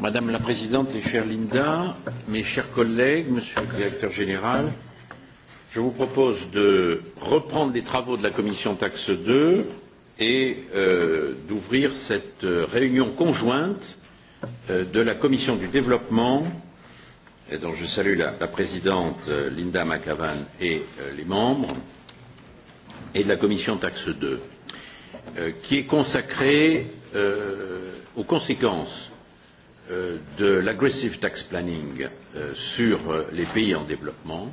Madame la Présidente et chère Linda, mes chers collègues, Monsieur le Directeur Général, je vous propose de reprendre les travaux de la Commission Taxe 2 et d'ouvrir cette réunion conjointe de la Commission du Développement, dont je salue la, présidente Linda McAvan et les membres, et de la commission taxe 2, qui est consacrée aux conséquences de l'aggressive tax planning sur les pays en développement.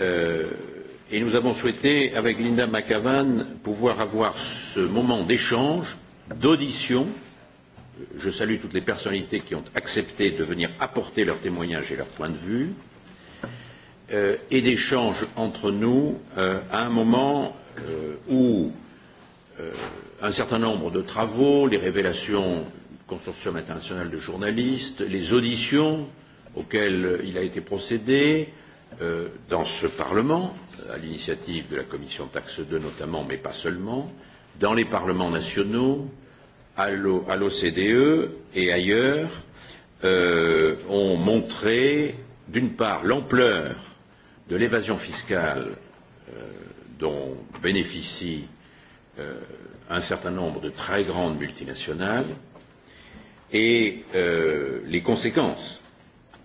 et nous avons souhaité, avec Linda McAvan, pouvoir avoir ce moment d'échange, d'audition. Je salue toutes les personnalités qui ont accepté de venir apporter leur témoignage et leur point de vue, et d'échange entre nous à un moment où un certain nombre de travaux, les révélations consortium international de journalistes, les auditions auxquelles il a été procédé euh, dans ce Parlement, à l'initiative de la commission taxe 2 notamment, mais pas seulement, dans les parlements nationaux, à l'OCDE et ailleurs, euh, ont montré, d'une part, l'ampleur de l'évasion fiscale dont bénéficient euh, un certain nombre de très grandes multinationales, et les conséquences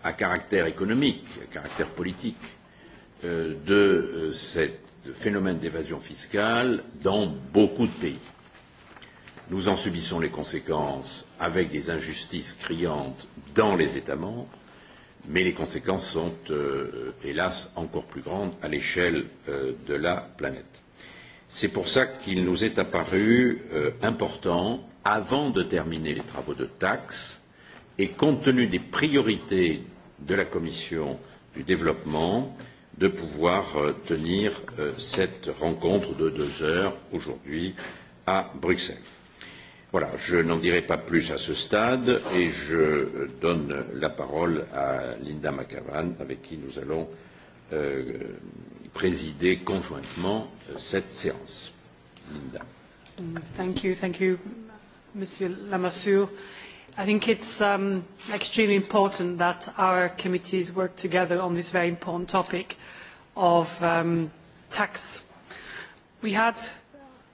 à caractère économique, à caractère politique de ce phénomène d'évasion fiscale dans beaucoup de pays. Nous en subissons les conséquences avec des injustices criantes dans les États membres, mais les conséquences sont, hélas, encore plus grandes à l'échelle de la planète. C'est pour cela qu'il nous est apparu important avant de terminer les travaux de taxe et compte tenu des priorités de la Commission du développement, de pouvoir tenir cette rencontre de deux heures aujourd'hui à Bruxelles. Voilà, je n'en dirai pas plus à ce stade et je donne la parole à Linda McAvan avec qui nous allons présider conjointement cette séance. Linda. Thank you, thank you, Monsieur Lamassoure. I think it's um, extremely important that our committees work together on this very important topic of um, tax. We had,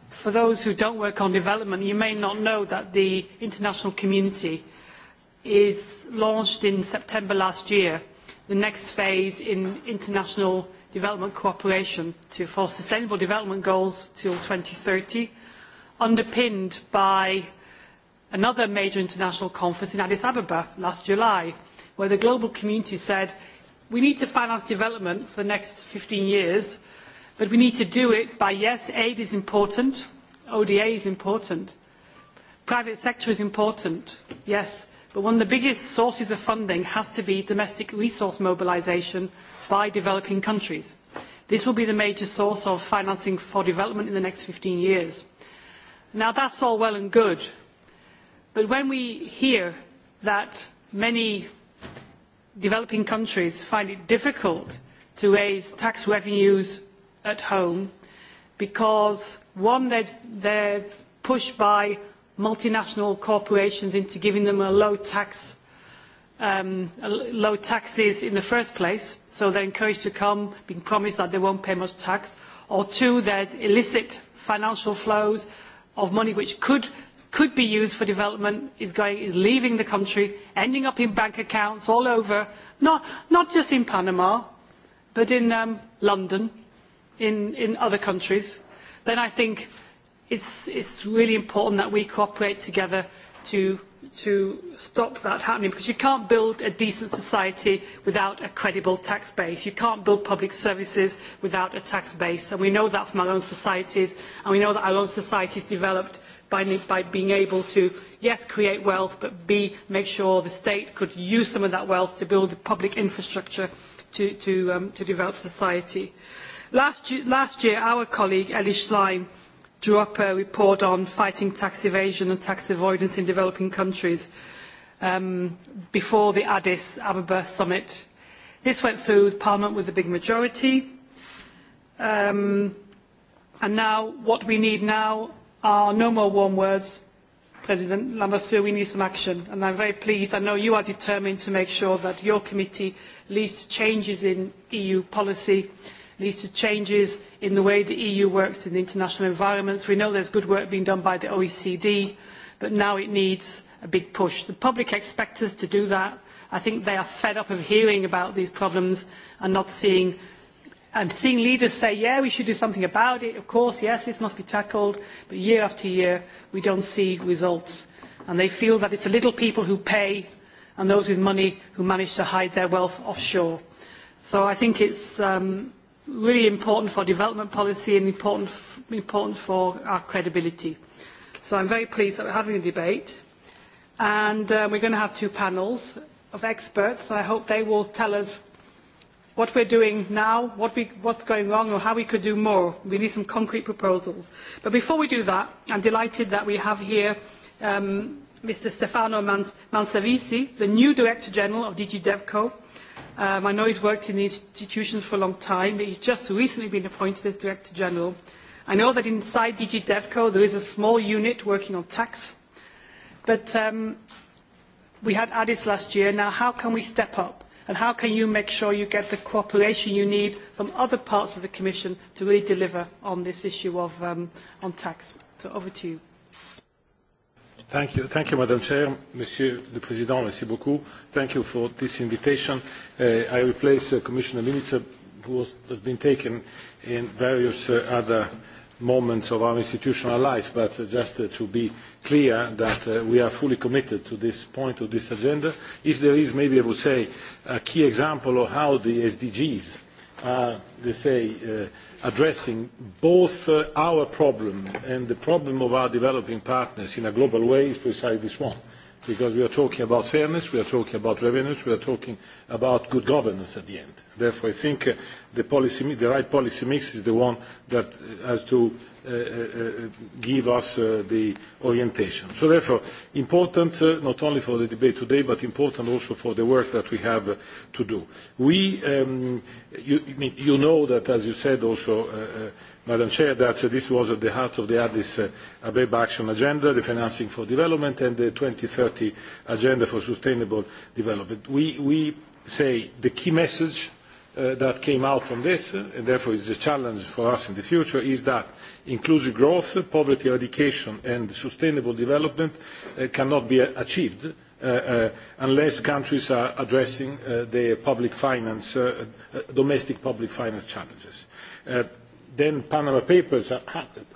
for those who don't work on development, you may not know that the international community is launched in September last year, the next phase in international development cooperation to, for sustainable development goals till 2030, underpinned by another major international conference in Addis Ababa last July, where the global community said, we need to finance development for the next fifteen years, but we need to do it by, yes, aid is important, ODA is important, private sector is important, yes, but one of the biggest sources of funding has to be domestic resource mobilisation by developing countries. This will be the major source of financing for development in the next fifteen years. Now, that's all well and good, but when we hear that many developing countries find it difficult to raise tax revenues at home because one they are pushed by multinational corporations into giving them low taxes in the first place so they are encouraged to come being promised that they will not pay much tax or two there are illicit financial flows of money which could could be used for development is, going, is leaving the country, ending up in bank accounts all over, not, not just in Panama, but in um, London, in, in other countries, then I think it's, it's really important that we cooperate together to, to stop that happening because you can't build a decent society without a credible tax base. You can't build public services without a tax base. And we know that from our own societies, and we know that our own societies developed by, being able to, yes, create wealth, but B, make sure the state could use some of that wealth to build the public infrastructure to, to, um, to develop society. Last, last year, our colleague Ellie Schlein drew up a report on fighting tax evasion and tax avoidance in developing countries um, before the Addis Ababa summit. This went through Parliament with a big majority. Um, and now, what we need now are no more warm words. President Lamassoure, we need some action. And I'm very pleased, I know you are determined to make sure that your committee leads to changes in EU policy, leads to changes in the way the EU works in the international environments. We know there's good work being done by the OECD, but now it needs a big push. The public expect us to do that. I think they are fed up of hearing about these problems and not seeing and seeing leaders say, yeah, we should do something about it, of course, yes, this must be tackled, but year after year, we don't see results. And they feel that it's the little people who pay and those with money who manage to hide their wealth offshore. So I think it's um, really important for development policy and important, important for our credibility. So I'm very pleased that we're having a debate. And uh, we're going to have two panels of experts. I hope they will tell us what we're doing now, what we, what's going wrong or how we could do more. We need some concrete proposals. But before we do that, I'm delighted that we have here um, Mr. Stefano Manservisi, the new Director General of DG DevCo. Um, I know he's worked in the institutions for a long time, but he's just recently been appointed as Director General. I know that inside DG DevCo there is a small unit working on tax, but um, we had Addis last year. Now, how can we step up? And how can you make sure you get the cooperation you need from other parts of the Commission to really deliver on this issue of on tax? So over to you. Thank you. Thank you, Madam Chair. Monsieur le Président, merci beaucoup. Thank you for this invitation. I replace Commissioner Mimica, who has been taken in various other moments of our institutional life, but just to be clear that we are fully committed to this point, to this agenda. If there is maybe, I would say, a key example of how the SDGs are, they say, uh, addressing both uh, our problem and the problem of our developing partners in a global way is precisely this one because we are talking about fairness, we are talking about revenues, we are talking about good governance at the end. Therefore, I think uh, the, policy, the right policy mix is the one that has to uh, uh, give us uh, the orientation. So therefore, important uh, not only for the debate today, but important also for the work that we have uh, to do. We, um, you, you know that, as you said also, uh, uh, Madam Chair, that this was at the heart of the Addis Ababa Action Agenda, the Financing for Development, and the 2030 Agenda for Sustainable Development. We say the key message that came out from this, and therefore is a challenge for us in the future, is that inclusive growth, poverty eradication, and sustainable development cannot be achieved unless countries are addressing their public finance, domestic public finance challenges Then Panama Papers are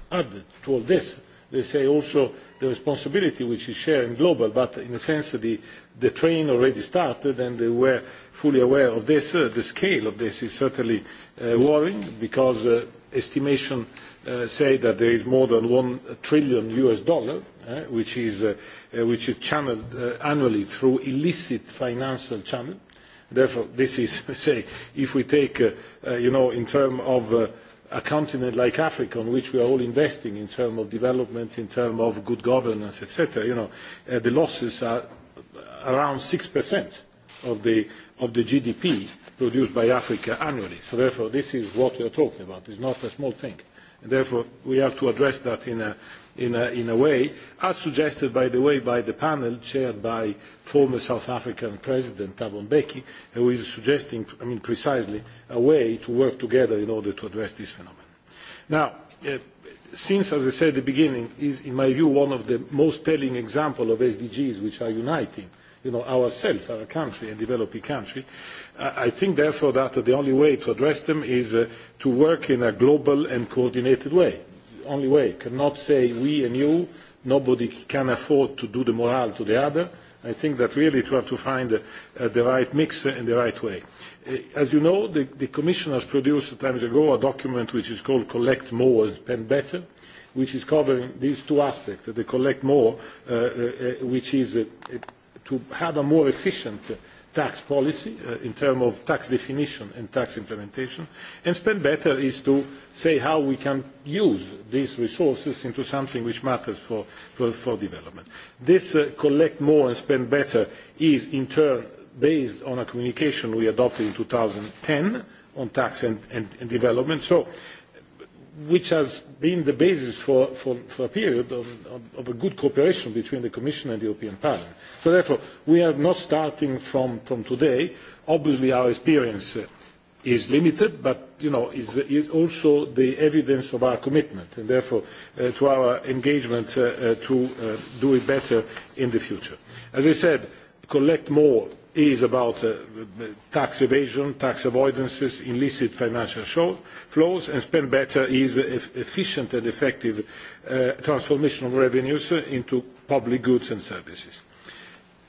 added to all this. They say also the responsibility which is shared and global, but in a sense the, the train already started and they were fully aware of this. Uh, the scale of this is certainly uh, worrying because uh, estimation uh, say that there is more than one trillion US dollar uh, which, is, uh, uh, which is channeled uh, annually through illicit financial channel. Therefore, this is, say, if we take, uh, uh, you know, in terms of uh, a continent like Africa, on which we are all investing in terms of development, in terms of good governance, etc., you know, uh, the losses are around 6% of the, of the GDP produced by Africa annually. So therefore, this is what we are talking about. It's not a small thing. And therefore, we have to address that in a, in a, in a way, as suggested, by the way, by the panel chaired by former South African President Thabo Mbeki, who is suggesting, I mean, precisely a way to work together in order to address this phenomenon. Now, uh, since, as I said at the beginning, is, in my view, one of the most telling examples of SDGs which are uniting you know, ourselves, our country, a developing country. I think, therefore, that the only way to address them is to work in a global and coordinated way only way. Cannot say we and you. Nobody can afford to do the morale to the other. I think that really to have to find uh, the right mix and the right way. Uh, as you know, the, the Commission has produced a time ago a document which is called Collect More and Spend Better, which is covering these two aspects, the Collect More, uh, uh, which is uh, to have a more efficient tax policy uh, in terms of tax definition and tax implementation, and Spend Better is to say how we can use these resources into something which matters for, for, for development. This uh, collect more and spend better is in turn based on a communication we adopted in 2010 on tax and, and, and development, so, which has been the basis for, for, for a period of, of, of a good cooperation between the Commission and the European Parliament. So therefore, we are not starting from, from today. Obviously, our experience uh, is limited, but you know, is, is also the evidence of our commitment and therefore uh, to our engagement uh, uh, to uh, do it better in the future. As I said, collect more is about uh, tax evasion, tax avoidances, illicit financial show, flows, and spend better is efficient and effective uh, transformation of revenues into public goods and services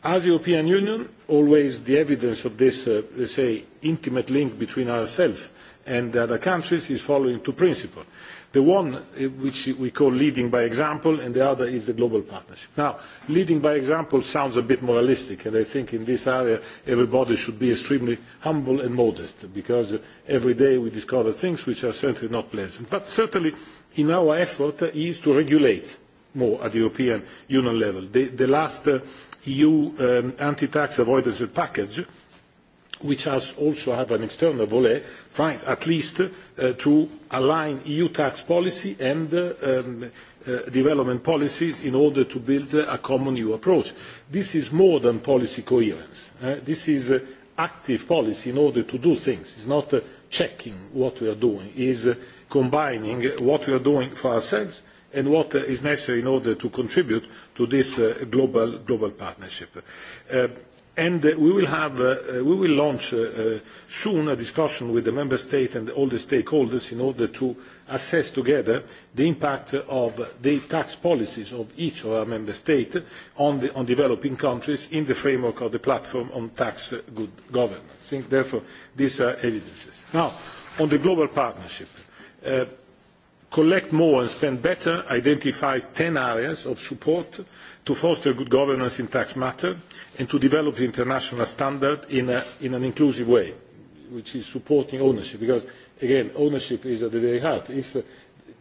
As the European Union, always the evidence of this, uh, let's say, intimate link between ourselves and the other countries is following two principles. The one which we call leading by example, and the other is the global partnership. Now, leading by example sounds a bit moralistic, and I think in this area everybody should be extremely humble and modest, because every day we discover things which are certainly not pleasant. But certainly, in our effort is to regulate more at the European Union level. The, the last EU anti-tax avoidance package, which has also have an external volet, trying at least to align EU tax policy and development policies in order to build a common EU approach. This is more than policy coherence. This is active policy in order to do things. It's not checking what we are doing. It is combining what we are doing for ourselves and what is necessary in order to contribute to this global partnership. We will launch soon a discussion with the member state and all the stakeholders in order to assess together the impact of the tax policies of each of our member states on developing countries in the framework of the platform on tax good governance. I think, therefore, these are evidences. Now, on the global partnership collect more and spend better, identify ten areas of support to foster good governance in tax matters and to develop the international standard in, an inclusive way, which is supporting ownership, because, again, ownership is at the very heart. If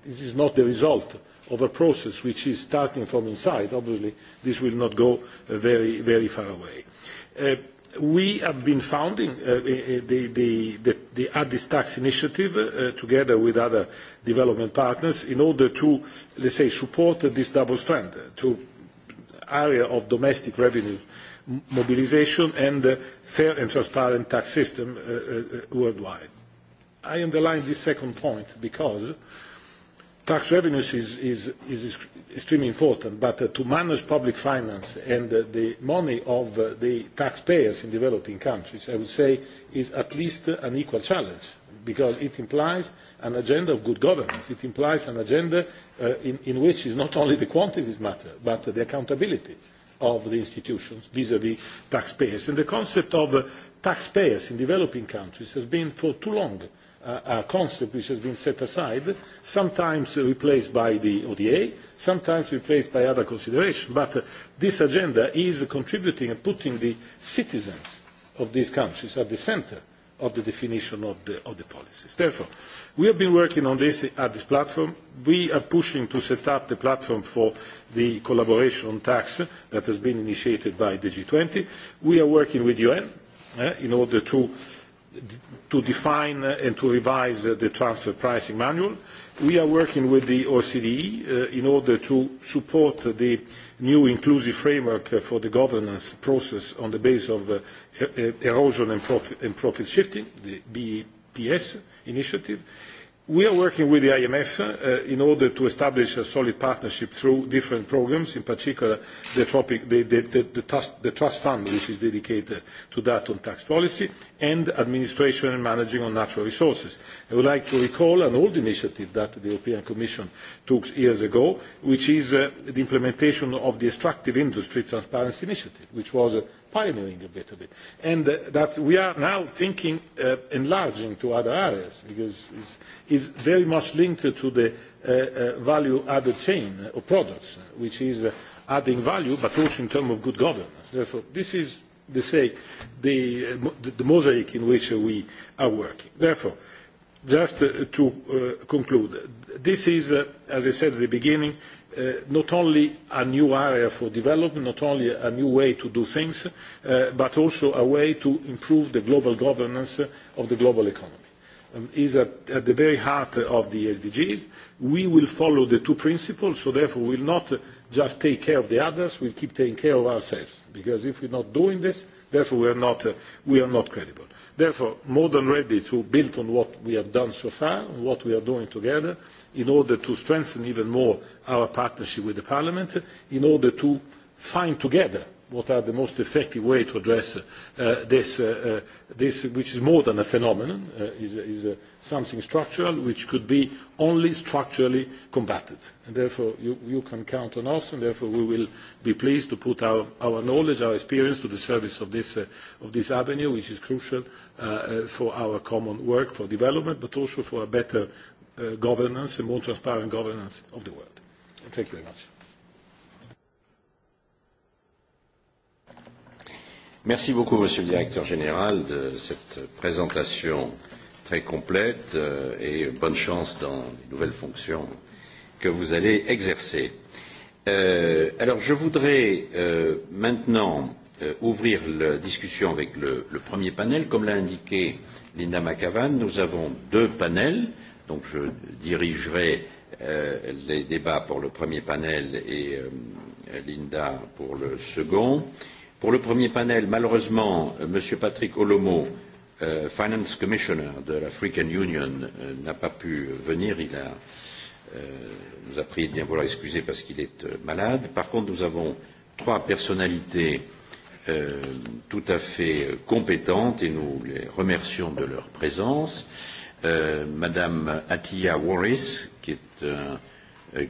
this is not the result of a process which is starting from inside, obviously this will not go very, very far away We have been founding the Addis Tax Initiative together with other development partners in order to, let's say, support this double strand to area of domestic revenue mobilisation and a fair and transparent tax system worldwide. I underline this second point because tax revenues is extremely important, but to manage public finance and the money of the taxpayers in developing countries, I would say, is at least an equal challenge, because it implies an agenda of good governance. It implies an agenda in which is not only the quantities matter, but the accountability of the institutions vis-à-vis taxpayers. And the concept of taxpayers in developing countries has been for too long a concept which has been set aside, sometimes replaced by the ODA, sometimes replaced by other considerations, but this agenda is contributing and putting the citizens of these countries at the centre of the definition of the, of the policies. Therefore, we have been working on this at this platform. We are pushing to set up the platform for the collaboration on tax that has been initiated by the G20. We are working with UN uh, in order to, to define and to revise the transfer pricing manual. We are working with the OCDE in order to support the new inclusive framework for the governance process on the basis of erosion and profit shifting, the BEPS initiative, We are working with the IMF in order to establish a solid partnership through different programs, in particular the trust fund, which is dedicated to that on tax policy, and administration and managing on natural resources. I would like to recall an old initiative that the European Commission took years ago, which is the implementation of the Extractive Industry Transparency Initiative, which was pioneering a bit of it. And uh, that we are now thinking uh, enlarging to other areas because it's, it's very much linked to the uh, uh, value added chain of products, which is uh, adding value but also in terms of good governance. Therefore, this is the, say, the, uh, the mosaic in which we are working. Therefore, just uh, to uh, conclude, this is, uh, as I said at the beginning, not only a new area for development, not only a new way to do things, but also a way to improve the global governance of the global economy. Is at the very heart of the SDGs. We will follow the two principles, so therefore we will not just take care of the others, we'll keep taking care of ourselves, because if we're not doing this, therefore we are not credible. Therefore, more than ready to build on what we have done so far, on what we are doing together, in order to strengthen even more our partnership with Parliament, in order to find together what are the most effective way to address this, which is more than a phenomenon, is something structural, which could be only structurally combated. Therefore, you can count on us, and therefore we will be pleased to put our, our knowledge, our experience to the service of this, uh, of this avenue, which is crucial uh, for our common work, for development, but also for a better uh, governance, a more transparent governance of the world. Thank you very much. Merci beaucoup, Monsieur le Directeur Général, de cette présentation très complète et bonne chance dans les nouvelles fonctions que vous allez exercer alors je voudrais maintenant ouvrir la discussion avec le, premier panel. Comme l'a indiqué Linda McAvan, nous avons deux panels. Donc je dirigerai les débats pour le premier panel et Linda pour le second. Pour le premier panel, malheureusement, M. Patrick Olomo, Finance Commissioner de l'African Union, n'a pas pu venir. Il a nous a prié de bien vouloir excuser parce qu'il est malade. Par contre, nous avons trois personnalités tout à fait compétentes et nous les remercions de leur présence. Madame Atiya Warris, qui est un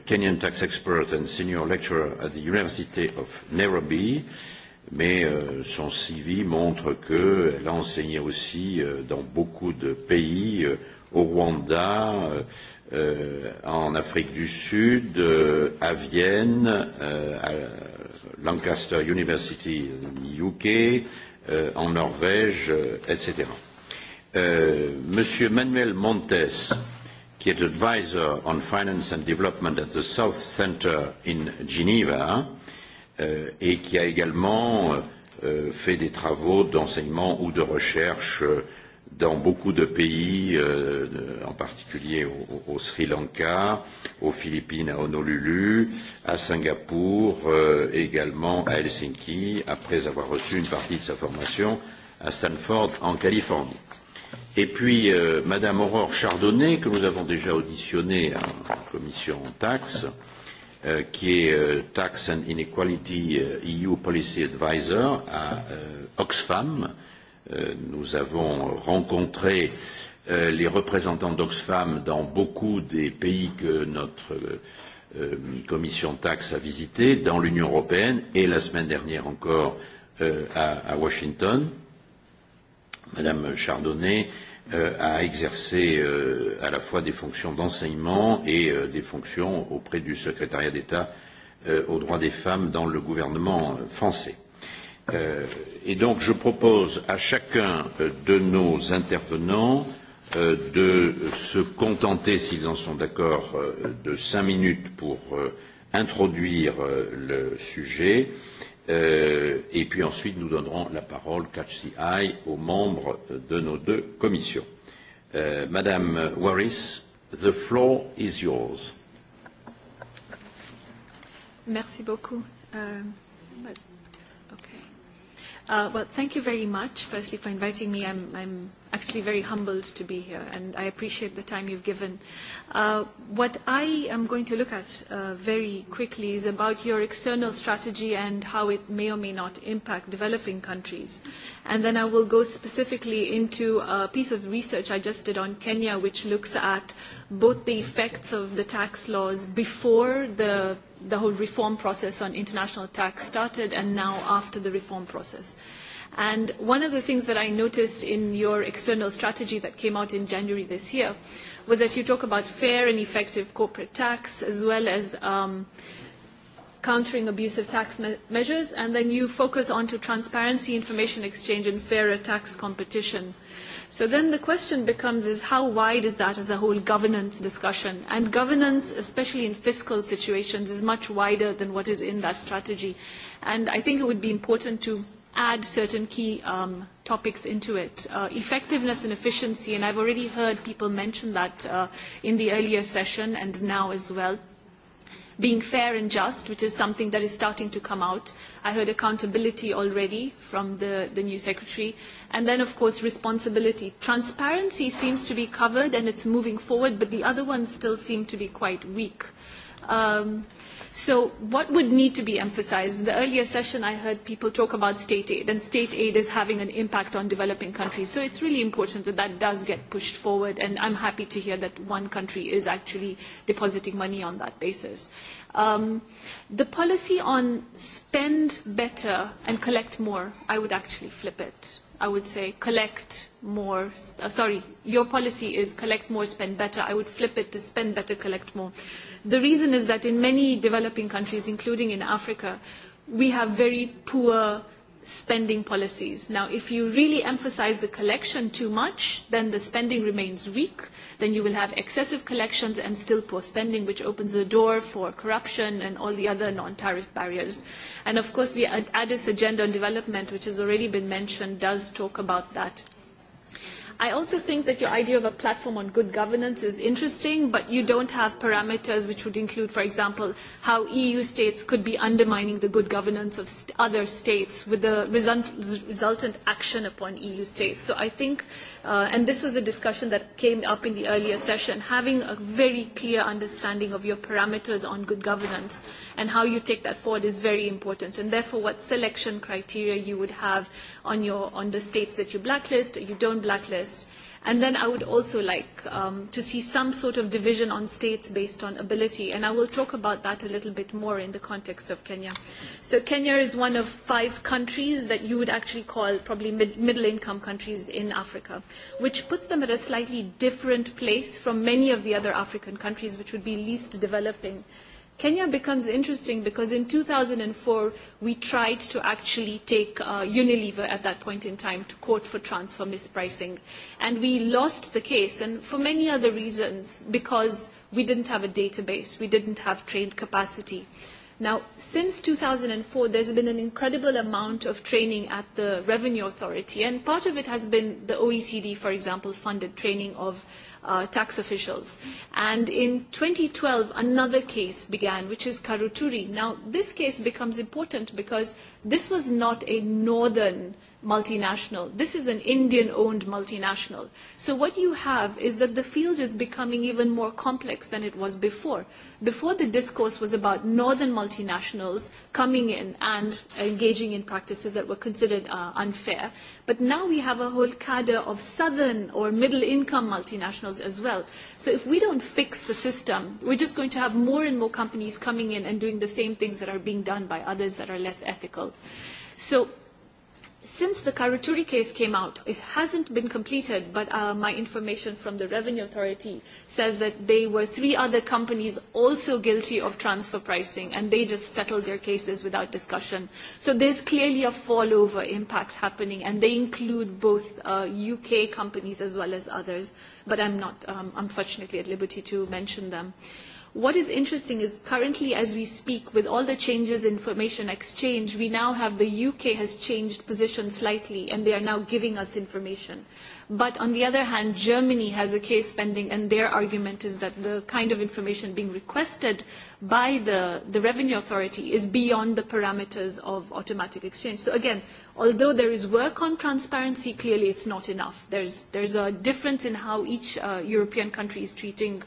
Kenyan tax expert and senior lecturer at the University of Nairobi, mais son CV montre qu'elle a enseigné aussi dans beaucoup de pays, au Rwanda, euh, en Afrique du Sud, euh, à Vienne, euh, à Lancaster University UK, euh, en Norvège, euh, etc. Euh, Monsieur Manuel Montes, qui est advisor on finance and development at the South Center in Geneva, euh, et qui a également euh, fait des travaux d'enseignement ou de recherche euh, dans beaucoup de pays, en particulier au, Sri Lanka, aux Philippines, à Honolulu, à Singapour, également à Helsinki, après avoir reçu une partie de sa formation à Stanford, en Californie. Et puis, Madame Aurore Chardonnay, que nous avons déjà auditionnée en commission taxe, qui est Tax and Inequality EU Policy Advisor à Oxfam, nous avons rencontré les représentants d'Oxfam dans beaucoup des pays que notre commission taxe a visités, dans l'Union européenne et la semaine dernière encore à, Washington. Madame Chardonnay a exercé à la fois des fonctions d'enseignement et des fonctions auprès du secrétariat d'État aux droits des femmes dans le gouvernement français et donc je propose à chacun de nos intervenants de se contenter, s'ils en sont d'accord, de cinq minutes pour introduire le sujet. et puis ensuite, nous donnerons la parole, catch the eye, aux membres de nos deux commissions. Madame Waris, the floor is yours. Merci beaucoup. Uh, well, thank you very much, firstly, for inviting me. I'm, I'm actually very humbled to be here, and I appreciate the time you've given. Uh, what I am going to look at uh, very quickly is about your external strategy and how it may or may not impact developing countries. And then I will go specifically into a piece of research I just did on Kenya, which looks at both the effects of the tax laws before the the whole reform process on international tax started and now after the reform process. And one of the things that I noticed in your external strategy that came out in January this year was that you talk about fair and effective corporate tax as well as um, countering abusive tax me measures, and then you focus on to transparency, information exchange, and fairer tax competition So then the question becomes is how wide is that as a whole governance discussion? And governance, especially in fiscal situations, is much wider than what is in that strategy. And I think it would be important to add certain key um, topics into it. Uh, effectiveness and efficiency, and I've already heard people mention that uh, in the earlier session and now as well being fair and just, which is something that is starting to come out. I heard accountability already from the, the new secretary. And then, of course, responsibility. Transparency seems to be covered and it's moving forward, but the other ones still seem to be quite weak. Um, So what would need to be emphasized? In the earlier session, I heard people talk about state aid, and state aid is having an impact on developing countries. So it's really important that that does get pushed forward, and I'm happy to hear that one country is actually depositing money on that basis. Um, the policy on spend better and collect more, I would actually flip it. I would say collect more, uh, sorry, your policy is collect more, spend better. I would flip it to spend better, collect more The reason is that in many developing countries, including in Africa, we have very poor spending policies. Now, if you really emphasize the collection too much, then the spending remains weak. Then you will have excessive collections and still poor spending, which opens the door for corruption and all the other non-tariff barriers. And of course, the Addis Agenda on Development, which has already been mentioned, does talk about that I also think that your idea of a platform on good governance is interesting, but you don't have parameters which would include, for example, how EU states could be undermining the good governance of other states with the resultant action upon EU states. So I think Uh, and this was a discussion that came up in the earlier session, having a very clear understanding of your parameters on good governance and how you take that forward is very important. And therefore, what selection criteria you would have on, your, on the states that you blacklist or you don't blacklist And then I would also like um, to see some sort of division on states based on ability, and I will talk about that a little bit more in the context of Kenya. So Kenya is one of five countries that you would actually call probably mid- middle-income countries in Africa, which puts them at a slightly different place from many of the other African countries, which would be least developing Kenya becomes interesting because in 2004 we tried to actually take uh, Unilever at that point in time to court for transfer mispricing. And we lost the case and for many other reasons because we didn't have a database, we didn't have trained capacity. Now, since 2004, there's been an incredible amount of training at the Revenue Authority, and part of it has been the OECD, for example, funded training of uh, tax officials. And in 2012, another case began, which is Karuturi. Now, this case becomes important because this was not a northern multinational. This is an Indian-owned multinational. So what you have is that the field is becoming even more complex than it was before. Before the discourse was about northern multinationals coming in and engaging in practices that were considered uh, unfair, but now we have a whole cadre of southern or middle-income multinationals as well. So if we don't fix the system, we're just going to have more and more companies coming in and doing the same things that are being done by others that are less ethical. So since the Karaturi case came out, it hasn't been completed, but uh, my information from the Revenue Authority says that there were three other companies also guilty of transfer pricing, and they just settled their cases without discussion. So there's clearly a fallover impact happening, and they include both uh, UK companies as well as others, but I'm not, um, unfortunately, at liberty to mention them. Uh, What is interesting is currently as we speak, with all the changes in information exchange, we now have the UK has changed position slightly and they are now giving us information. But on the other hand, Germany has a case pending and their argument is that the kind of information being requested by the, the revenue authority is beyond the parameters of automatic exchange. So again, although there is work on transparency, clearly it's not enough. There's, there's a difference in how each uh, European country is treating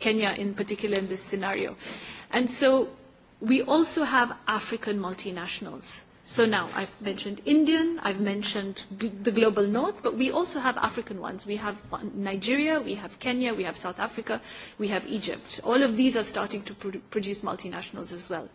Kenya in particular in this scenario. And so we also have African multinationals. So now I've mentioned Indian, I've mentioned the global north, but we also have African ones. We have Nigeria, we have Kenya, we have South Africa, we have Egypt. All of these are starting to pro produce multinationals as well.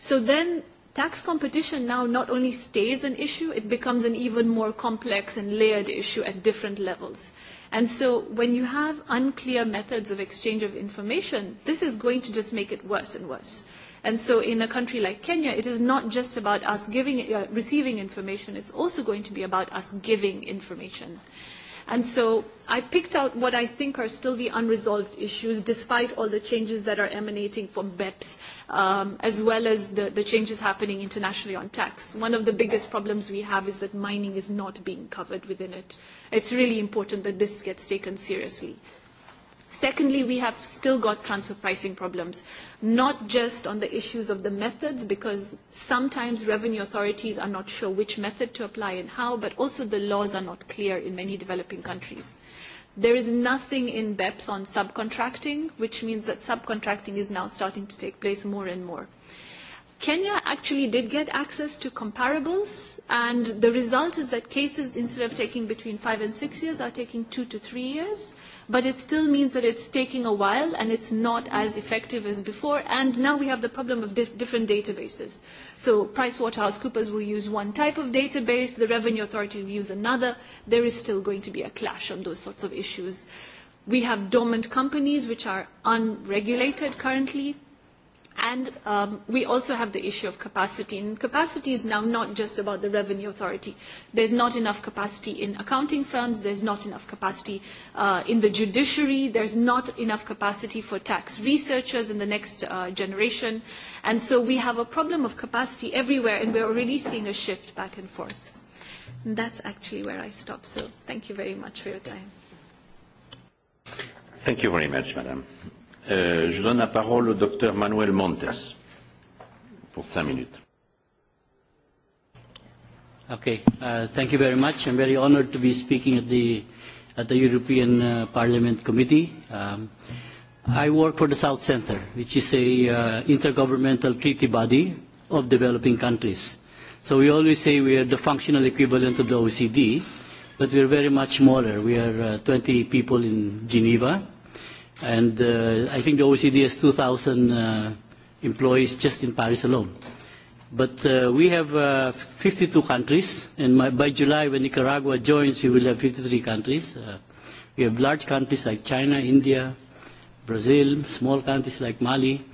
So then tax competition now not only stays an issue, it becomes an even more complex and layered issue at different levels. And so when you have unclear methods of exchange of information, this is going to just make it worse and worse. And so in a country like Kenya, it is not just about us giving, uh, receiving information, it's also going to be about us giving information. And so I picked out what I think are still the unresolved issues, despite all the changes that are emanating from BEPS, um, as well as the, the changes happening internationally on tax. One of the biggest problems we have is that mining is not being covered within it. It's really important that this gets taken seriously. Secondly, we have still got transfer pricing problems, not just on the issues of the methods, because sometimes revenue authorities are not sure which method to apply and how, but also the laws are not clear in many developing countries. There is nothing in BEPS on subcontracting, which means that subcontracting is now starting to take place more and more. Kenya actually did get access to comparables, and the result is that cases, instead of taking between five and six years, are taking two to three years. But it still means that it's taking a while, and it's not as effective as before. And now we have the problem of dif- different databases. So PricewaterhouseCoopers will use one type of database, the Revenue Authority will use another. There is still going to be a clash on those sorts of issues. We have dormant companies which are unregulated currently And um, we also have the issue of capacity. And capacity is now not just about the revenue authority. There's not enough capacity in accounting firms. There's not enough capacity uh, in the judiciary. There's not enough capacity for tax researchers in the next uh, generation. And so we have a problem of capacity everywhere, and we're already seeing a shift back and forth. And that's actually where I stop. So thank you very much for your time. Thank you very much, Madam je donne la parole au docteur Manuel Montes pour cinq minutes. Okay, uh, thank you very much. I'm very honored to be speaking at the at the European uh, Parliament Committee. Um, I work for the South Center, which is a uh, intergovernmental treaty body of developing countries. So we always say we are the functional equivalent of the OECD, but we are very much smaller. We are uh, 20 people in Geneva And uh, I think the OECD has 2,000 uh, employees just in Paris alone. But uh, we have uh, 52 countries, and my, by July, when Nicaragua joins, we will have 53 countries. Uh, we have large countries like China, India, Brazil, small countries like Mali,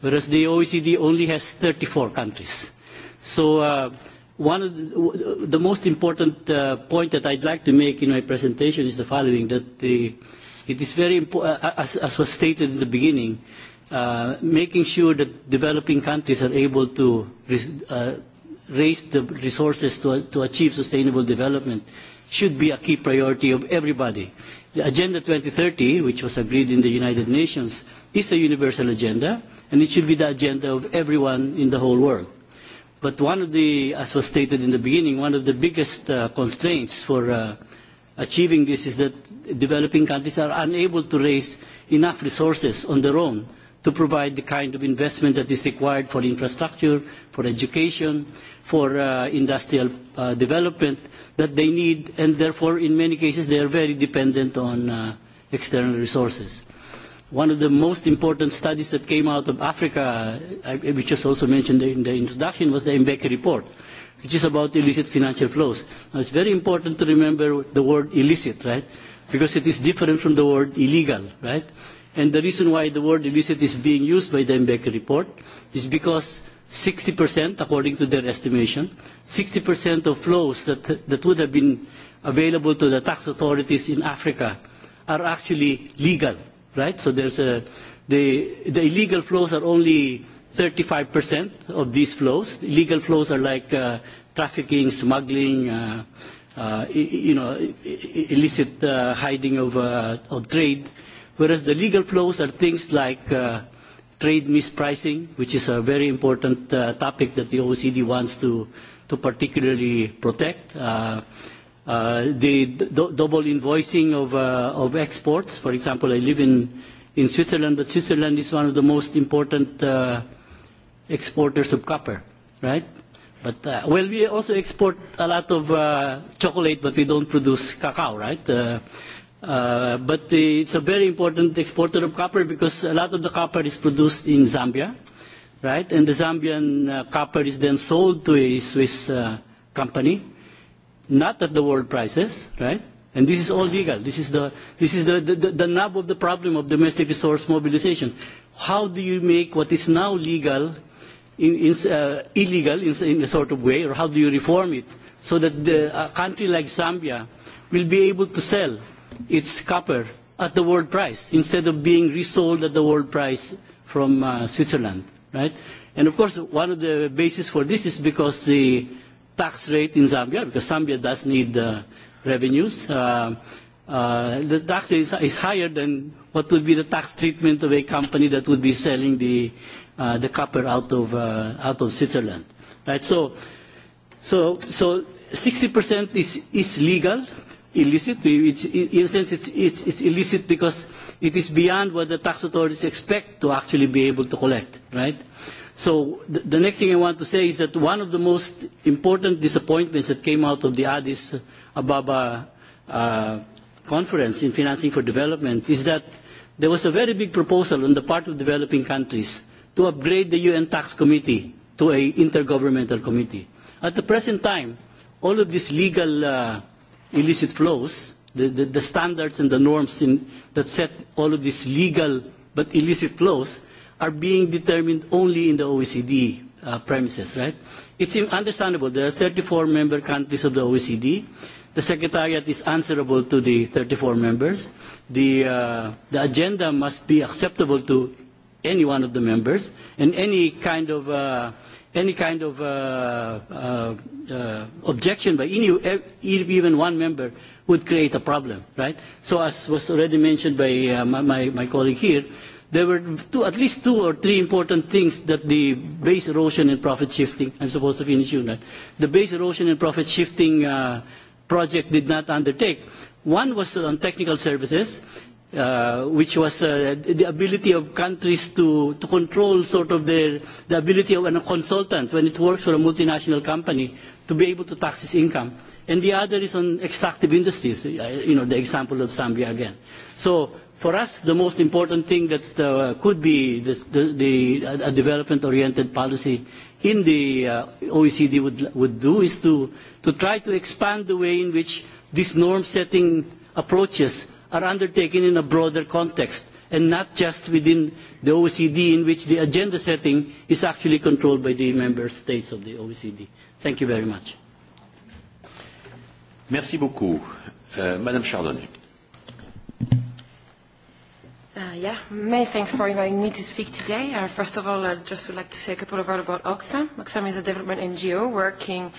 whereas the OECD only has 34 countries. So uh, one of the, the most important uh, point that I'd like to make in my presentation is the following, that the uh, It is very important, as, as was stated in the beginning, uh, making sure that developing countries are able to uh, raise the resources to, to achieve sustainable development should be a key priority of everybody. The Agenda 2030, which was agreed in the United Nations, is a universal agenda, and it should be the agenda of everyone in the whole world. But one of the, as was stated in the beginning, one of the biggest uh, constraints for uh, achieving this is that developing countries are unable to raise enough resources on their own to provide the kind of investment that is required for infrastructure, for education, for uh, industrial uh, development that they need, and therefore, in many cases, they are very dependent on uh, external resources. One of the most important studies that came out of Africa, which was also mentioned in the introduction, was the Mbeki report, which is about illicit financial flows. Now, it's very important to remember the word illicit, right? Because it is different from the word illegal, right? And the reason why the word illicit is being used by the MBEC report is because 60%, according to their estimation, 60% of flows that, that would have been available to the tax authorities in Africa are actually legal, right? So there's a, the, the illegal flows are only 35% of these flows. Illegal flows are like uh, trafficking, smuggling, uh, uh, you know, illicit uh, hiding of, uh, of trade, whereas the legal flows are things like uh, trade mispricing, which is a very important uh, topic that the OECD wants to, to particularly protect. Uh, uh, the d double invoicing of, uh, of exports. For example, I live in, in Switzerland, but Switzerland is one of the most important uh, exporters of copper, right? But uh, well, we also export a lot of uh, chocolate, but we don't produce cacao, right? Uh, uh, but the, it's a very important exporter of copper because a lot of the copper is produced in Zambia, right? And the Zambian uh, copper is then sold to a Swiss uh, company, not at the world prices, right? And this is all legal. This is the this is the, the, the the nub of the problem of domestic resource mobilization. How do you make what is now legal in, in, uh, illegal in, in a sort of way, or how do you reform it so that the, a country like Zambia will be able to sell its copper at the world price instead of being resold at the world price from uh, Switzerland, right? And of course, one of the bases for this is because the tax rate in Zambia, because Zambia does need uh, revenues, uh, uh, the tax rate is, is higher than what would be the tax treatment of a company that would be selling the the copper out of uh, out of Switzerland, right? So, so so 60% is is legal, illicit. It's, in a sense, it's, it's it's illicit because it is beyond what the tax authorities expect to actually be able to collect, right? So the, the next thing I want to say is that one of the most important disappointments that came out of the Addis Ababa uh, conference in financing for development is that there was a very big proposal on the part of developing countries to upgrade the UN Tax Committee to an intergovernmental committee. At the present time, all of these legal uh, illicit flows, the, the, the standards and the norms in, that set all of these legal but illicit flows, are being determined only in the OECD uh, premises, right? It's understandable. There are 34 member countries of the OECD. The Secretariat is answerable to the 34 members. The, uh, the agenda must be acceptable to any one of the members, and any kind of uh, any kind of uh, uh, uh, objection by any, even one member would create a problem, right? So as was already mentioned by uh, my, my my colleague here, there were two, at least two or three important things that the base erosion and profit shifting, I'm supposed to finish you that, the base erosion and profit shifting uh, project did not undertake. One was on technical services, uh, which was uh, the ability of countries to, to control sort of their, the ability of a consultant when it works for a multinational company to be able to tax his income. And the other is on extractive industries, you know, the example of Zambia again. So for us, the most important thing that uh, could be this, the, the, a development-oriented policy in the uh, OECD would, would do is to, to try to expand the way in which these norm-setting approaches are undertaken in a broader context and not just within the OECD in which the agenda setting is actually controlled by the member states of the OECD. Thank you very much. Merci beaucoup. Euh, Madame Chardonnay. Uh, yeah, many thanks for inviting me to speak today. Uh, first of all, I just would like to say a couple of words about Oxfam. Oxfam is a development NGO working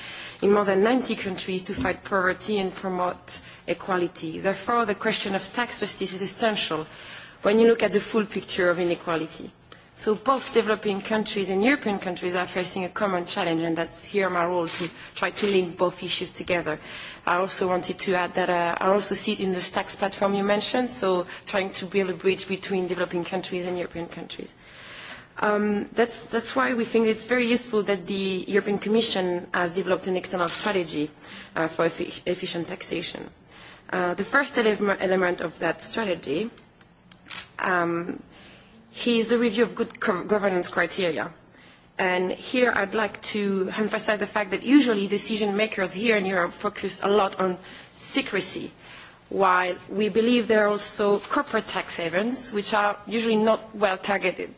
in more than 90 countries to fight poverty and promote equality. Therefore, the question of tax justice is essential when you look at the full picture of inequality. So both developing countries and European countries are facing a common challenge, and that's here my role to try to link both issues together. I also wanted to add that uh, I also see it in the tax platform you mentioned, so trying to build a bridge between developing countries and European countries. Um, that's, that's why we think it's very useful that the European Commission has developed an external strategy uh, for efficient taxation. Uh, the first ele element of that strategy um, is a review of good governance criteria. And here I'd like to emphasize the fact that usually decision makers here in Europe focus a lot on secrecy, while we believe there are also corporate tax havens, which are usually not well targeted.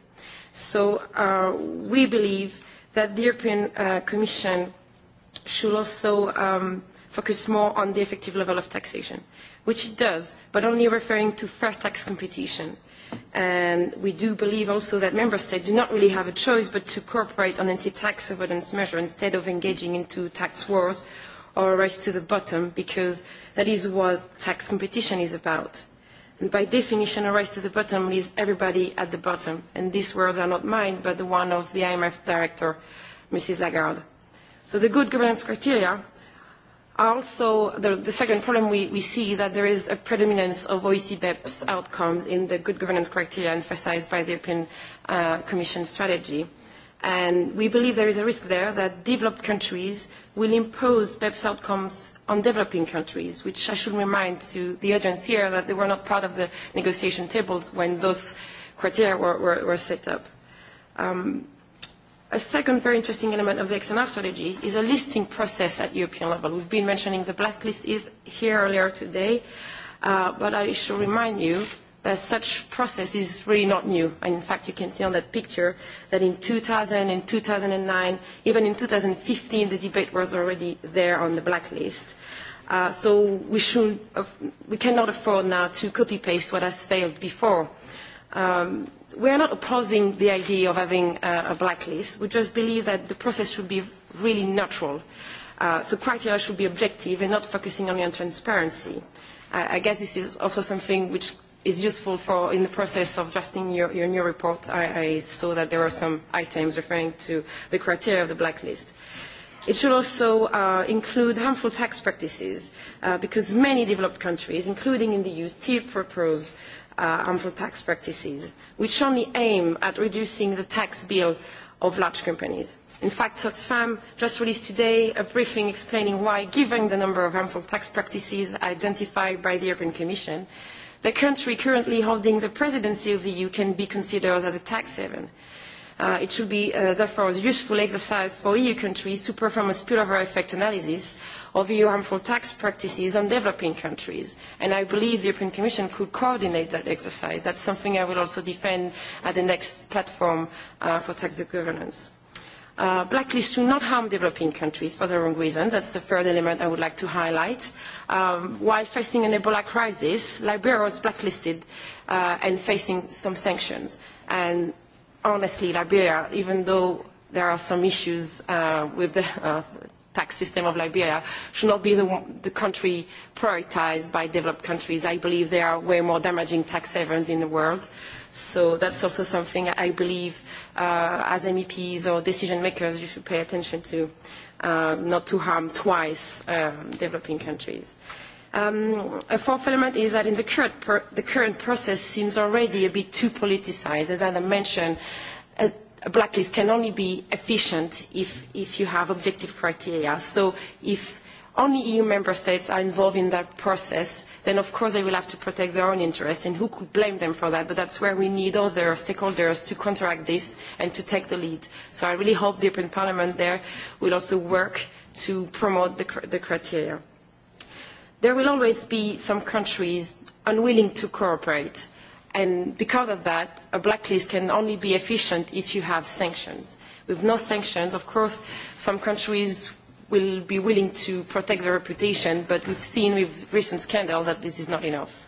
So uh, we believe that the European uh, Commission should also um, focus more on the effective level of taxation, which it does, but only referring to fair tax competition. Uh, And we do believe also that member states do not really have a choice but to cooperate on anti-tax avoidance measures instead of engaging into tax wars or a race to the bottom because that is what tax competition is about. And by definition, a race to the bottom leaves everybody at the bottom. And these words are not mine, but the one of the IMF director, Mrs. Lagarde. So the good governance criteria Also, the, the second problem we, we see that there is a predominance of OECBEP's outcomes in the good governance criteria emphasized by the European uh, Commission strategy. And we believe there is a risk there that developed countries will impose BEPS outcomes on developing countries, which I should remind to the audience here that they were not part of the negotiation tables when those criteria were, were, were set up. Um, A second very interesting element of the XNR strategy is a listing process at European level. We've been mentioning the blacklist is here earlier today, uh, but I should remind you that such process is really not new. And in fact, you can see on that picture that in 2000 and 2009, even in 2015, the debate was already there on the blacklist. Uh, so we, should, uh, we cannot afford now to copy-paste what has failed before. Um, we are not opposing the idea of having a blacklist. We just believe that the process should be really neutral. so criteria should be objective and not focusing only on transparency. I guess this is also something which is useful for in the process of drafting your, your new report. I, I saw that there were some items referring to the criteria of the blacklist. It should also uh, include harmful tax practices uh, because many developed countries, including in the EU, still propose uh, harmful tax practices which only aim at reducing the tax bill of large companies. In fact, Oxfam just released today a briefing explaining why, given the number of harmful tax practices identified by the European Commission, the country currently holding the presidency of the EU can be considered as a tax haven it should be therefore a useful exercise for EU countries to perform a spillover effect analysis of EU harmful tax practices on developing countries. And I believe the European Commission could coordinate that exercise. That's something I will also defend at the next platform for tax governance. Uh, blacklists should not harm developing countries for the wrong reasons. That's the third element I would like to highlight. Um, while facing an Ebola crisis, Liberia was blacklisted uh, and facing some sanctions. And honestly, Liberia, even though there are some issues uh, with the uh, tax system of Liberia, should not be the, the country prioritized by developed countries. I believe there are way more damaging tax havens in the world. So that's also something I believe uh, as MEPs or decision makers you should pay attention to, uh, not to harm twice uh, developing countries. Um, a fourth element is that in the current, per, the current process seems already a bit too politicized. As I mentioned, a, a blacklist can only be efficient if, if you have objective criteria. So if only EU member states are involved in that process, then of course they will have to protect their own interests, and who could blame them for that? But that's where we need other stakeholders to counteract this and to take the lead. So I really hope the European Parliament there will also work to promote the, the criteria there will always be some countries unwilling to cooperate. And because of that, a blacklist can only be efficient if you have sanctions. With no sanctions, of course, some countries will be willing to protect their reputation, but we've seen with recent scandal that this is not enough.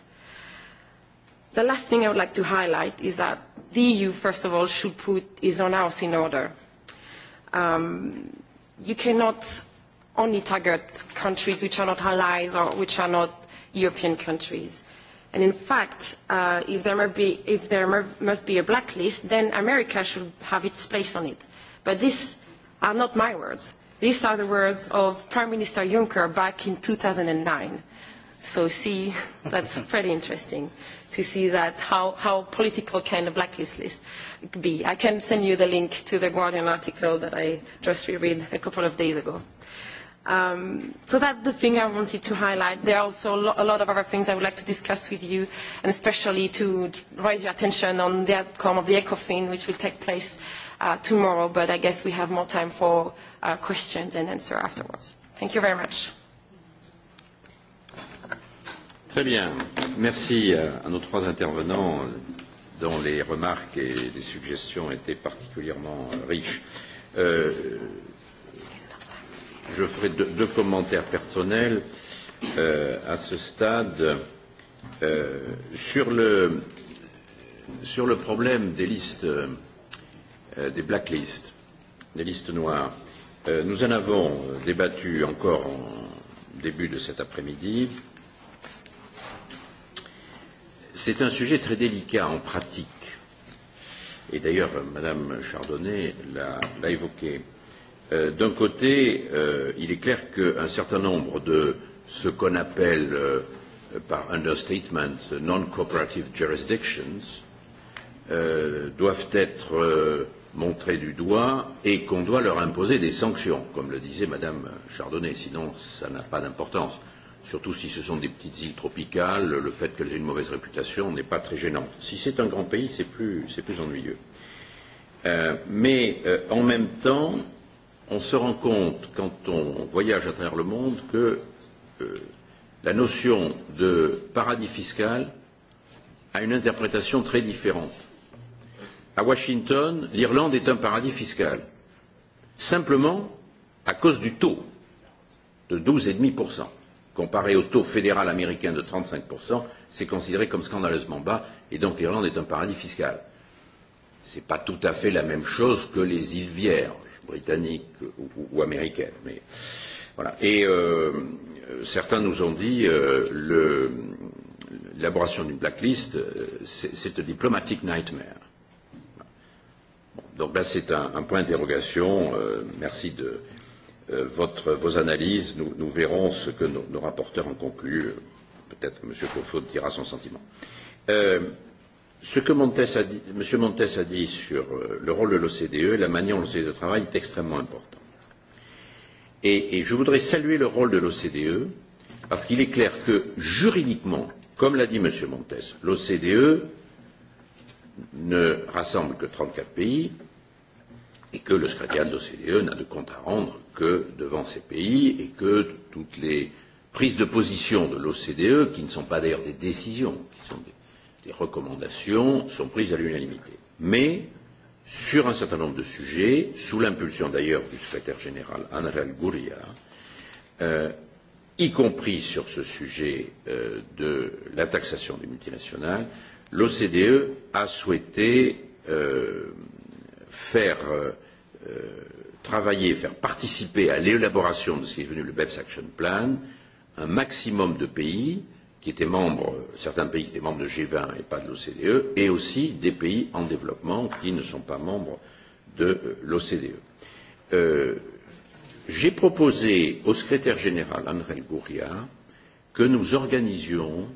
The last thing I would like to highlight is that the EU, first of all, should put its own house in order. Um, you cannot only target countries which are not allies or which are not European countries. And in fact, uh, if there, may be, if there must be a blacklist, then America should have its place on it. But these are not my words. These are the words of Prime Minister Juncker back in 2009. So see, that's pretty interesting to see that how, how political can a blacklist list be. I can send you the link to the Guardian article that I just reread a couple of days ago. Um, so that's the thing I wanted to highlight. There are also a, lo- a lot of other things I would like to discuss with you, and especially to raise your attention on the outcome of the ECOFIN, which will take place uh, tomorrow, but I guess we have more time for uh, questions and answer afterwards. Thank you very much. Très bien. Merci à nos trois intervenants dont les remarques et les suggestions étaient particulièrement riches. Euh, je ferai deux, deux commentaires personnels euh, à ce stade. Euh, sur, le, sur le problème des listes, euh, des blacklists, des listes noires, euh, nous en avons débattu encore en début de cet après-midi. C'est un sujet très délicat en pratique. Et d'ailleurs, Madame Chardonnay l'a évoqué. Euh, D'un côté, il est clair qu'un certain nombre de ce qu'on appelle par understatement non-cooperative jurisdictions doivent être montrés du doigt et qu'on doit leur imposer des sanctions, comme le disait Madame Chardonnay, sinon ça n'a pas d'importance. Surtout si ce sont des petites îles tropicales, le fait qu'elles aient une mauvaise réputation n'est pas très gênant. Si c'est un grand pays, c'est plus, plus ennuyeux. Euh, mais euh, en même temps, on se rend compte, quand on voyage à travers le monde, que euh, la notion de paradis fiscal a une interprétation très différente. À Washington, l'Irlande est un paradis fiscal, simplement à cause du taux de 12,5%. Comparé au taux fédéral américain de 35%, c'est considéré comme scandaleusement bas, et donc l'Irlande est un paradis fiscal. Ce n'est pas tout à fait la même chose que les îles Vierges britannique ou, ou américaine. Mais, voilà. Et euh, certains nous ont dit euh, le, l'élaboration d'une blacklist, c'est un diplomatic nightmare. Donc là, c'est un, un point d'interrogation. Euh, merci de euh, votre, vos analyses. Nous, nous verrons ce que nos, nos rapporteurs en concluent. Peut-être que M. Kofod dira son sentiment. Euh, Ce que Montes a dit, M. Montes a dit sur le rôle de l'OCDE et la manière dont l'OCDE travaille est extrêmement important. Et, et je voudrais saluer le rôle de l'OCDE parce qu'il est clair que juridiquement, comme l'a dit M. Montes, l'OCDE ne rassemble que 34 pays et que le secrétaire de l'OCDE n'a de compte à rendre que devant ces pays et que toutes les prises de position de l'OCDE, qui ne sont pas d'ailleurs des décisions, qui sont des les recommandations sont prises à l'unanimité. Mais, sur un certain nombre de sujets, sous l'impulsion d'ailleurs du secrétaire général Anral Gouria, y compris sur ce sujet de la taxation des multinationales, l'OCDE a souhaité faire travailler, faire participer à l'élaboration de ce qui est devenu le BEPS Action Plan un maximum de pays, qui étaient membres, certains pays qui étaient membres de G20 et pas de l'OCDE, et aussi des pays en développement qui ne sont pas membres de l'OCDE. Euh, J'ai proposé au secrétaire général André Gouria que nous organisions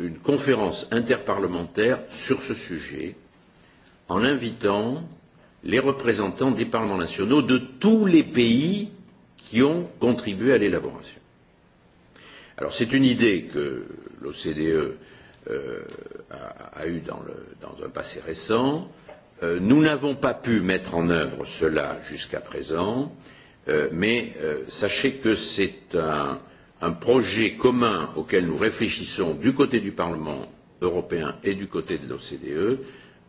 une conférence interparlementaire sur ce sujet en invitant les représentants des parlements nationaux de tous les pays qui ont contribué à l'élaboration. Alors c'est une idée que l'OCDE euh, a, a eue dans, le, dans un passé récent. Euh, nous n'avons pas pu mettre en œuvre cela jusqu'à présent, euh, mais euh, sachez que c'est un, un projet commun auquel nous réfléchissons du côté du Parlement européen et du côté de l'OCDE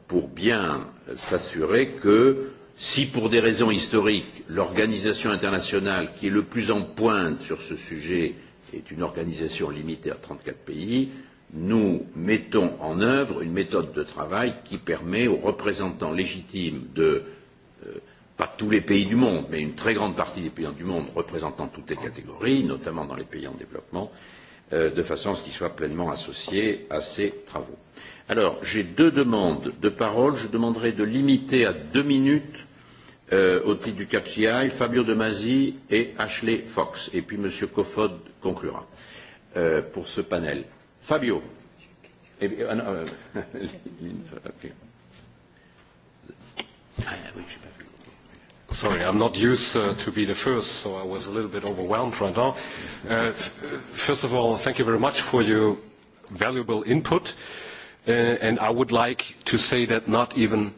pour bien s'assurer que si pour des raisons historiques l'organisation internationale qui est le plus en pointe sur ce sujet euh, est une organisation limitée à 34 pays, nous mettons en œuvre une méthode de travail qui permet aux représentants légitimes de, euh, pas tous les pays du monde, mais une très grande partie des pays du monde représentant toutes les catégories, notamment dans les pays en développement, euh, de façon à ce qu'ils soient pleinement associés à ces travaux. Alors, j'ai deux demandes de parole. Je demanderai de limiter à deux minutes au titre du catch Fabio De Masi et Ashley Fox. Et puis M. Kofod conclura pour ce panel. Fabio. Sorry, I'm not used uh, to be the first, so I was a little bit overwhelmed right now. Uh, first of all, thank you very much for your valuable input. Uh, and I would like to say that not even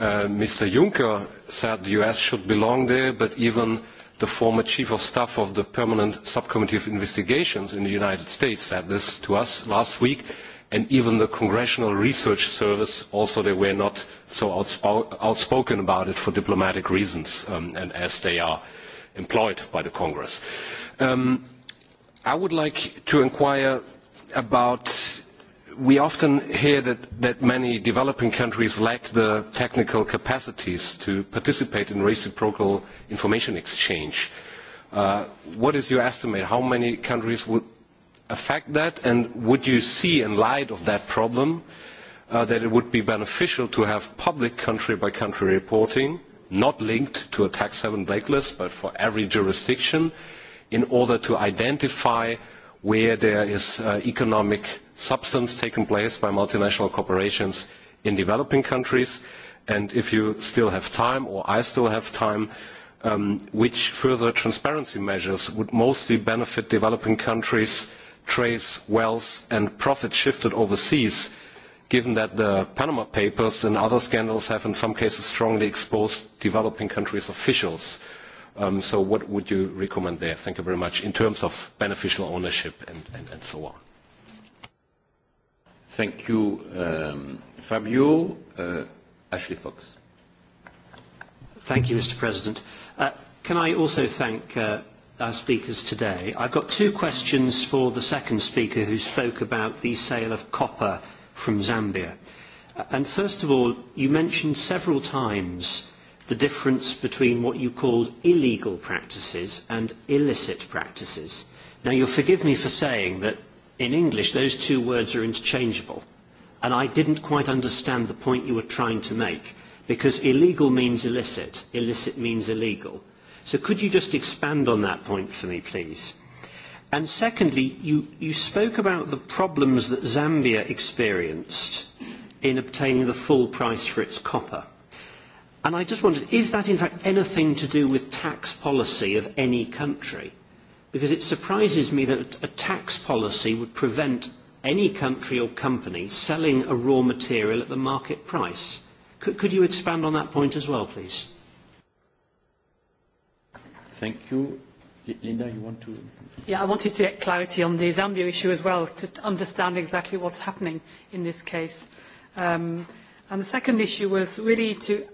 Mr. Juncker said the US should belong there, but even the former chief of staff of the Permanent Subcommittee of Investigations in the United States said this to us last week, and even the Congressional Research Service, also they were not so outspoken about it for diplomatic reasons, and as they are employed by the Congress. I would like to inquire about we often hear that, many developing countries lack the technical capacities to participate in reciprocal information exchange. what is your estimate? How many countries would affect that? And would you see, in light of that problem, that it would be beneficial to have public country-by-country reporting, not linked to a tax haven blacklist, but for every jurisdiction, in order to identify where there is economic substance taken place by multinational corporations in developing countries. And if you still have time, or I still have time, which further transparency measures would mostly benefit developing countries, trace wealth and profit shifted overseas, given that the Panama Papers and other scandals have in some cases strongly exposed developing countries' officials? so what would you recommend there? Thank you very much. In terms of beneficial ownership and, and, and so on. Thank you, um, Fabio. Uh, Ashley Fox. Thank you, Mr. President. Uh, can I also thank uh, our speakers today? I've got two questions for the second speaker who spoke about the sale of copper from Zambia. And first of all, you mentioned several times the difference between what you called illegal practices and illicit practices. Now, you'll forgive me for saying that in English those two words are interchangeable, and I didn't quite understand the point you were trying to make, because illegal means illicit, illicit means illegal. So could you just expand on that point for me, please? And secondly, you, you spoke about the problems that Zambia experienced in obtaining the full price for its copper. And I just wondered, is that in fact anything to do with tax policy of any country? Because it surprises me that a tax policy would prevent any country or company selling a raw material at the market price. Could, could you expand on that point as well, please? Thank you. Linda, you want to? Yeah, I wanted to get clarity on the Zambia issue as well to understand exactly what's happening in this case. Um, and the second issue was really to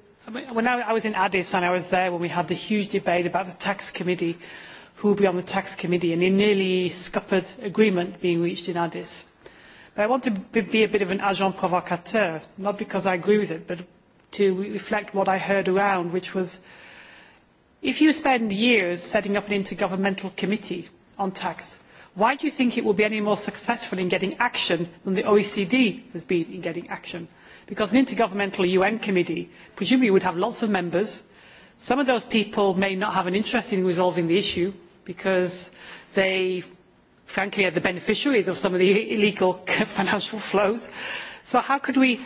when I, I was in Addis and I was there when we had the huge debate about the tax committee, who will be on the tax committee, and a nearly scuppered agreement being reached in Addis. But I want to be a bit of an agent provocateur, not because I agree with it, but to reflect what I heard around, which was if you spend years setting up an intergovernmental committee on tax, Why do you think it will be any more successful in getting action than the OECD has been in getting action? Because an intergovernmental UN committee presumably would have lots of members. Some of those people may not have an interest in resolving the issue because they frankly are the beneficiaries of some of the illegal financial flows. So how could we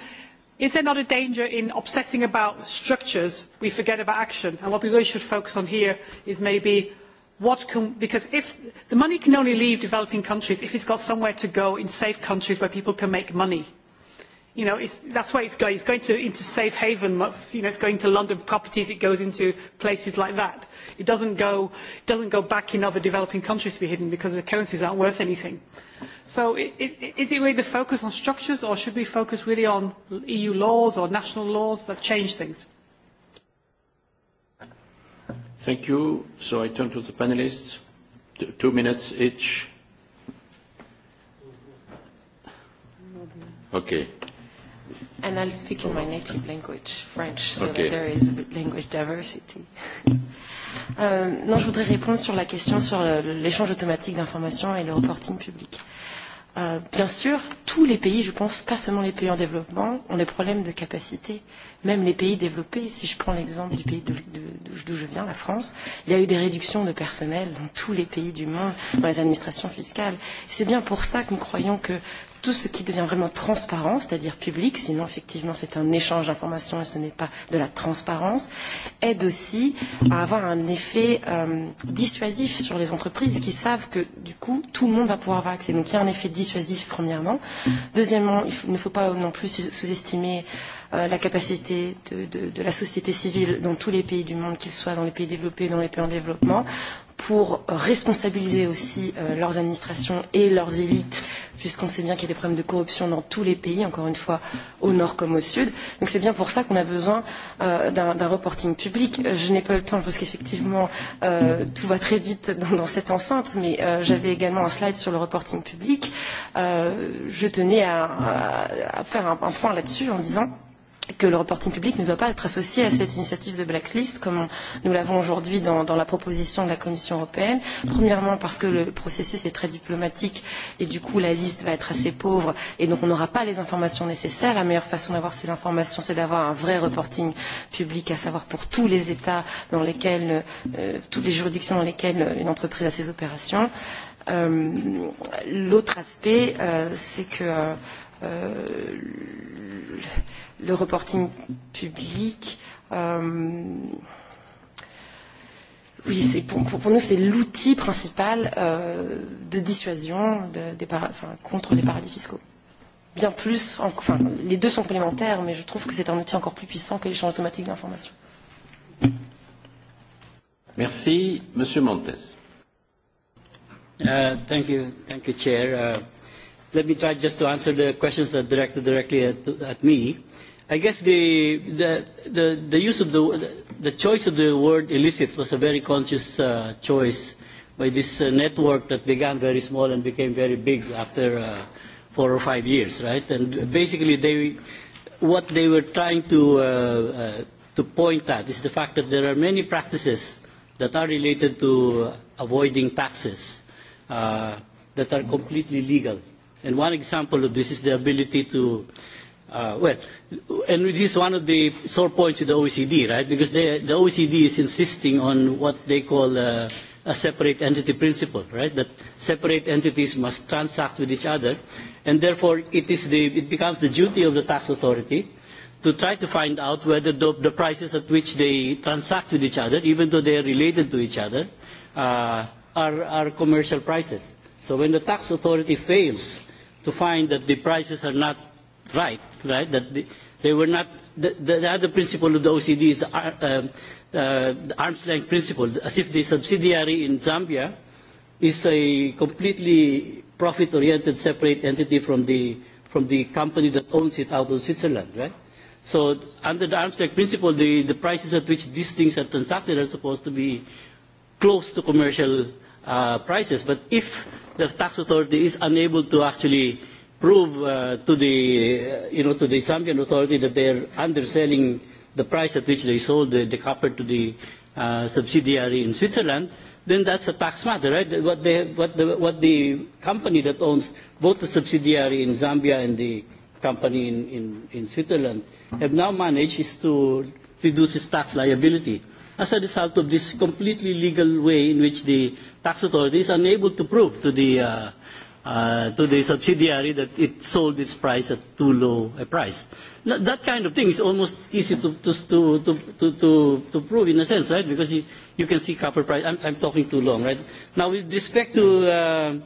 is there not a danger in obsessing about structures we forget about action and what we really should focus on here is maybe what can, because if the money can only leave developing countries if it's got somewhere to go in safe countries where people can make money. You know, it's, that's where it's going. It's going to, into safe haven. You know, it's going to London properties. It goes into places like that. It doesn't go, it doesn't go back in other developing countries to be hidden because the currencies aren't worth anything. So it, it, is it really the focus on structures or should we focus really on EU laws or national laws that change things? Thank you. So I turn to the panelists. Two minutes each. Okay. And I'll speak in my native language, French, so okay. that there is a language diversity. Euh, non, je voudrais répondre sur la question sur l'échange automatique d'informations et le reporting public. Euh, bien sûr, tous les pays, je pense, pas seulement les pays en développement, ont des problèmes de capacité. Même les pays développés, si je prends l'exemple du pays d'où je viens, la France, il y a eu des réductions de personnel dans tous les pays du monde, dans les administrations fiscales. C'est bien pour ça que nous croyons que tout ce qui devient vraiment transparent, c'est-à-dire public, sinon effectivement c'est un échange d'informations et ce n'est pas de la transparence, aide aussi à avoir un effet euh, dissuasif sur les entreprises qui savent que du coup tout le monde va pouvoir avoir accès. Donc il y a un effet dissuasif premièrement. Deuxièmement, il ne faut pas non plus sous-estimer la capacité de, de, de la société civile dans tous les pays du monde, qu'ils soient dans les pays développés, dans les pays en développement pour responsabiliser aussi leurs administrations et leurs élites, puisqu'on sait bien qu'il y a des problèmes de corruption dans tous les pays, encore une fois, au nord comme au sud. Donc c'est bien pour ça qu'on a besoin d'un reporting public. Je n'ai pas le temps, parce qu'effectivement, tout va très vite dans, cette enceinte, mais j'avais également un slide sur le reporting public. je tenais à, faire un, point là-dessus en disant que le reporting public ne doit pas être associé à cette initiative de blacklist, comme nous l'avons aujourd'hui dans, dans la proposition de la Commission européenne. Premièrement, parce que le processus est très diplomatique et du coup la liste va être assez pauvre et donc on n'aura pas les informations nécessaires. La meilleure façon d'avoir ces informations, c'est d'avoir un vrai reporting public, à savoir pour tous les États dans lesquels, euh, toutes les juridictions dans lesquelles une entreprise a ses opérations. Euh, L'autre aspect, euh, c'est que euh, le reporting public. Euh, oui, c'est pour, pour, pour nous, c'est l'outil principal euh, de dissuasion de, des para, enfin, contre les paradis fiscaux. Bien plus, enfin, les deux sont complémentaires, mais je trouve que c'est un outil encore plus puissant que l'échange automatique d'informations. Merci. Monsieur Montes. Uh, thank you, thank you, Chair. Uh, Let me try just to answer the questions that are directed directly at, at me. I guess the, the, the, the use of the, the choice of the word illicit was a very conscious uh, choice by this uh, network that began very small and became very big after uh, four or five years, right? And basically, they, what they were trying to, uh, uh, to point at is the fact that there are many practices that are related to avoiding taxes uh, that are completely legal And one example of this is the ability to, uh, well, and this is one of the sore points with the OECD, right? Because they, the OECD is insisting on what they call uh, a separate entity principle, right? That separate entities must transact with each other, and therefore it is the it becomes the duty of the tax authority to try to find out whether the, the prices at which they transact with each other, even though they are related to each other, uh, are are commercial prices. So when the tax authority fails to find that the prices are not right, right? That the, they were not. The, the other principle of the OECD is the, uh, uh, the arm's length principle, as if the subsidiary in Zambia is a completely profit-oriented separate entity from the from the company that owns it out of Switzerland, right? So under the arm's length principle, the, the prices at which these things are transacted are supposed to be close to commercial uh, prices. But if the tax authority is unable to actually prove uh, to the uh, you know to the Zambian authority that they are underselling the price at which they sold the, the copper to the uh, subsidiary in Switzerland, then that's a tax matter, right? What, they, what, the, what the company that owns both the subsidiary in Zambia and the company in, in, in Switzerland have now managed is to reduce its tax liability as a result of this completely legal way in which the tax authority is unable to prove to the uh, uh, to the subsidiary that it sold its price at too low a price. That kind of thing is almost easy to, to, to, to, to, to, to prove in a sense, right? Because you, you can see copper price. I'm, I'm talking too long, right? Now, with respect to uh,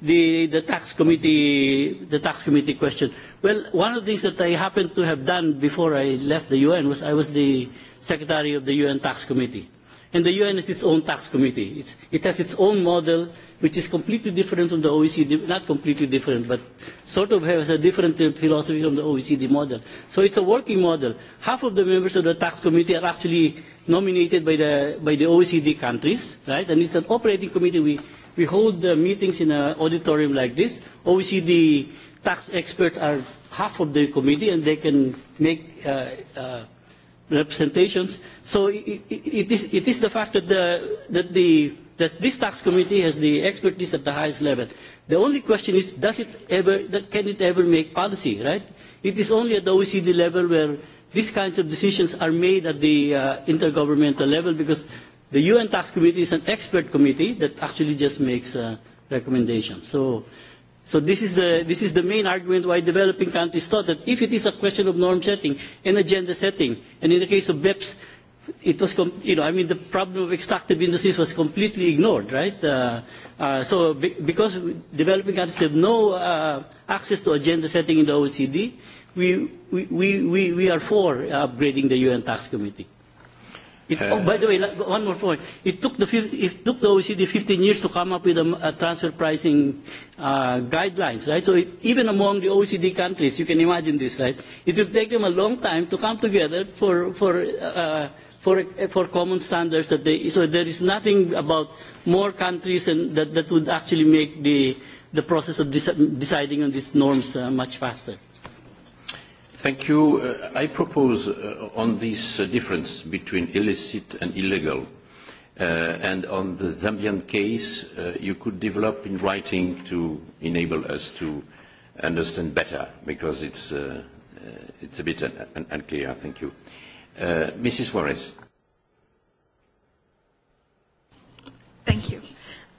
the, the tax committee, the tax committee question. Well, one of the things that I happened to have done before I left the UN was I was the secretary of the UN tax committee. And the UN has its own tax committee. It's, it has its own model, which is completely different from the OECD, not completely different, but sort of has a different philosophy from the OECD model. So it's a working model. Half of the members of the tax committee are actually nominated by the, by the OECD countries, right? And it's an operating committee. We, we hold the meetings in an auditorium like this. OECD tax experts are half of the committee, and they can make uh, uh, representations. So it, it, is, it is the fact that, the, that, the, that this tax committee has the expertise at the highest level. The only question is, does it ever, can it ever make policy, right? It is only at the OECD level where these kinds of decisions are made at the uh, intergovernmental level because the UN tax committee is an expert committee that actually just makes uh, recommendations. So So this is, the, this is the main argument why developing countries thought that if it is a question of norm setting and agenda setting, and in the case of BEPS, it was, com- you know, I mean, the problem of extractive industries was completely ignored, right? Uh, uh, so be- because developing countries have no uh, access to agenda setting in the OECD, we, we, we, we are for upgrading the UN Tax Committee. It, uh, oh, by the way, one more point. It took the it took the OECD 15 years to come up with a, a transfer pricing uh, guidelines, right? So it, even among the OECD countries, you can imagine this, right? It will take them a long time to come together for for. Uh, for, for common standards that they, so there is nothing about more countries and that, that would actually make the, the process of deci deciding on these norms uh, much faster. Thank you. Uh, I propose uh, on this uh, difference between illicit and illegal, uh, and on the Zambian case, uh, you could develop in writing to enable us to understand better, because it's, uh, uh, it's a bit un un unclear. Thank you. Uh, Mrs. Suarez. Thank you.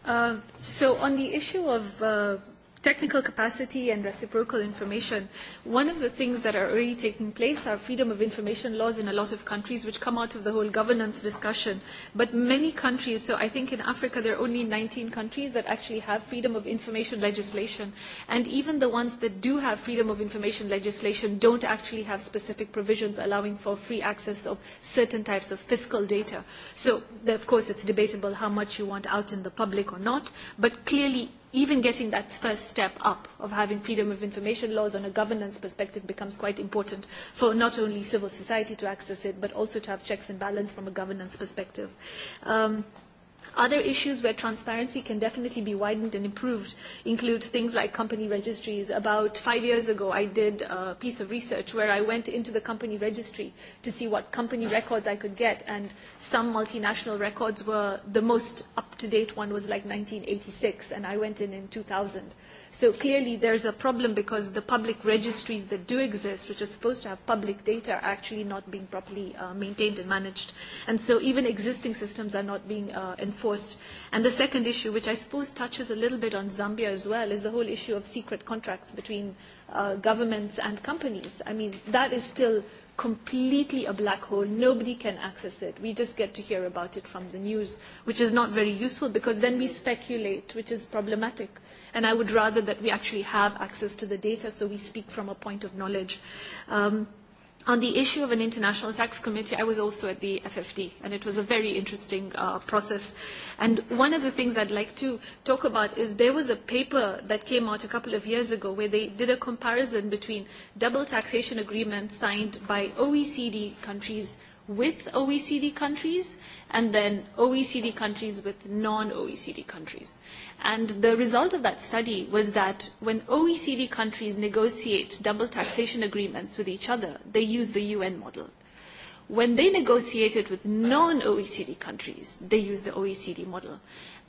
Uh, so on the issue of uh, technical capacity and reciprocal information, one of the things that are already taking place are freedom of information laws in a lot of countries, which come out of the whole governance discussion. But many countries, so I think in Africa there are only 19 countries that actually have freedom of information legislation. And even the ones that do have freedom of information legislation don't actually have specific provisions allowing for free access of certain types of fiscal data. So, of course, it's debatable how much you want out in the public or not, but clearly even getting that first step up of having freedom of information laws on a governance perspective becomes quite important for not only civil society to access it, but also to have checks and balance from a governance perspective. Um, Other issues where transparency can definitely be widened and improved include things like company registries. About five years ago, I did a piece of research where I went into the company registry to see what company records I could get, and some multinational records were the most up-to-date one was like 1986, and I went in in 2000. So clearly there's a problem because the public registries that do exist, which are supposed to have public data, are actually not being properly uh, maintained and managed. And so even existing systems are not being uh, enforced enforced. And the second issue, which I suppose touches a little bit on Zambia as well, is the whole issue of secret contracts between uh, governments and companies. I mean, that is still completely a black hole. Nobody can access it. We just get to hear about it from the news, which is not very useful because then we speculate, which is problematic. And I would rather that we actually have access to the data so we speak from a point of knowledge. Um, On the issue of an international tax committee, I was also at the FFD, and it was a very interesting uh, process. And one of the things I'd like to talk about is there was a paper that came out a couple of years ago where they did a comparison between double taxation agreements signed by OECD countries with OECD countries and then OECD countries with non-OECD countries. And the result of that study was that when OECD countries negotiate double taxation agreements with each other, they use the UN model. When they negotiate it with non-OECD countries, they use the OECD model.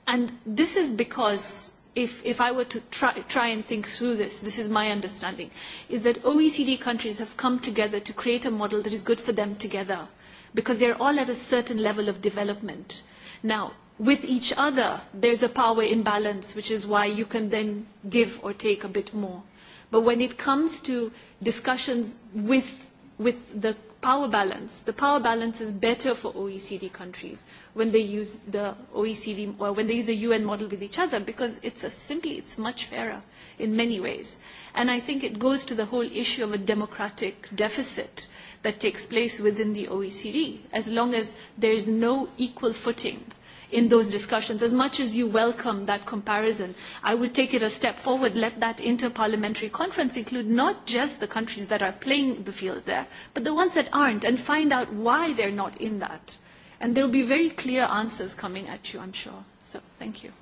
And this is because if, if I were to try, try and think through this, this is my understanding, is that OECD countries have come together to create a model that is good for them together because they're all at a certain level of development. Now, with each other, there's a power imbalance, which is why you can then give or take a bit more. But when it comes to discussions with, with the power balance, the power balance is better for OECD countries when they use the OECD or when they use the UN model with each other because it's a, simply it's much fairer in many ways. And I think it goes to the whole issue of a democratic deficit that takes place within the OECD. As long as there's no equal footing in those discussions. As much as you welcome that comparison, I would take it a step forward. Let that interparliamentary conference include not just the countries that are playing the field there, but the ones that aren't, and find out why they're not in that. And there'll be very clear answers coming at you, I'm sure. So thank you.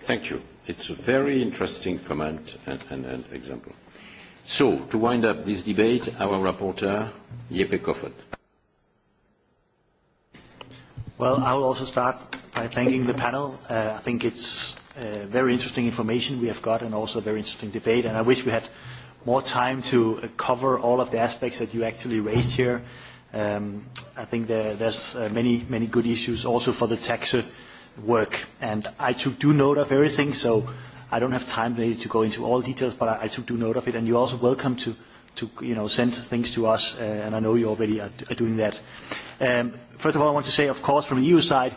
Thank you. It's a very interesting comment and, and, and example. So, to wind up this debate, our rapporteur, Yepe Koffert. Well, I will also start by thanking the panel. Uh, I think it's uh, very interesting information we have got and also a very interesting debate. And I wish we had more time to uh, cover all of the aspects that you actually raised here. Um, I think there, there's uh, many, many good issues also for the tax work. And I took due note of everything, so I don't have time maybe to go into all details, but I, I took due note of it. And you're also welcome to to you know send things to us, uh, and I know you already are, are doing that. Um, first of all, I want to say, of course, from the EU side,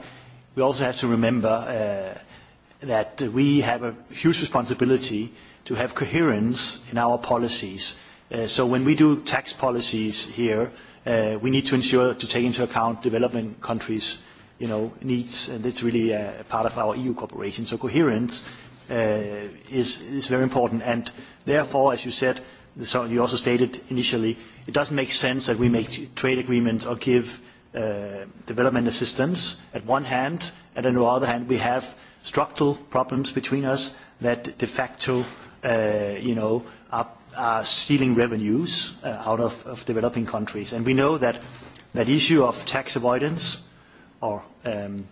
we also have to remember uh, that we have a huge responsibility to have coherence in our policies. Uh, so when we do tax policies here, uh, we need to ensure to take into account developing countries' you know, needs, and it's really a part of our EU cooperation. So coherence uh, is, is very important, and therefore, as you said, so you also stated initially, it doesn't make sense that we make trade agreements or give uh, development assistance at one hand, and on the other hand, we have structural problems between us that de facto, uh, you know, are, are stealing revenues uh, out of, of developing countries. And we know that that issue of tax avoidance or um,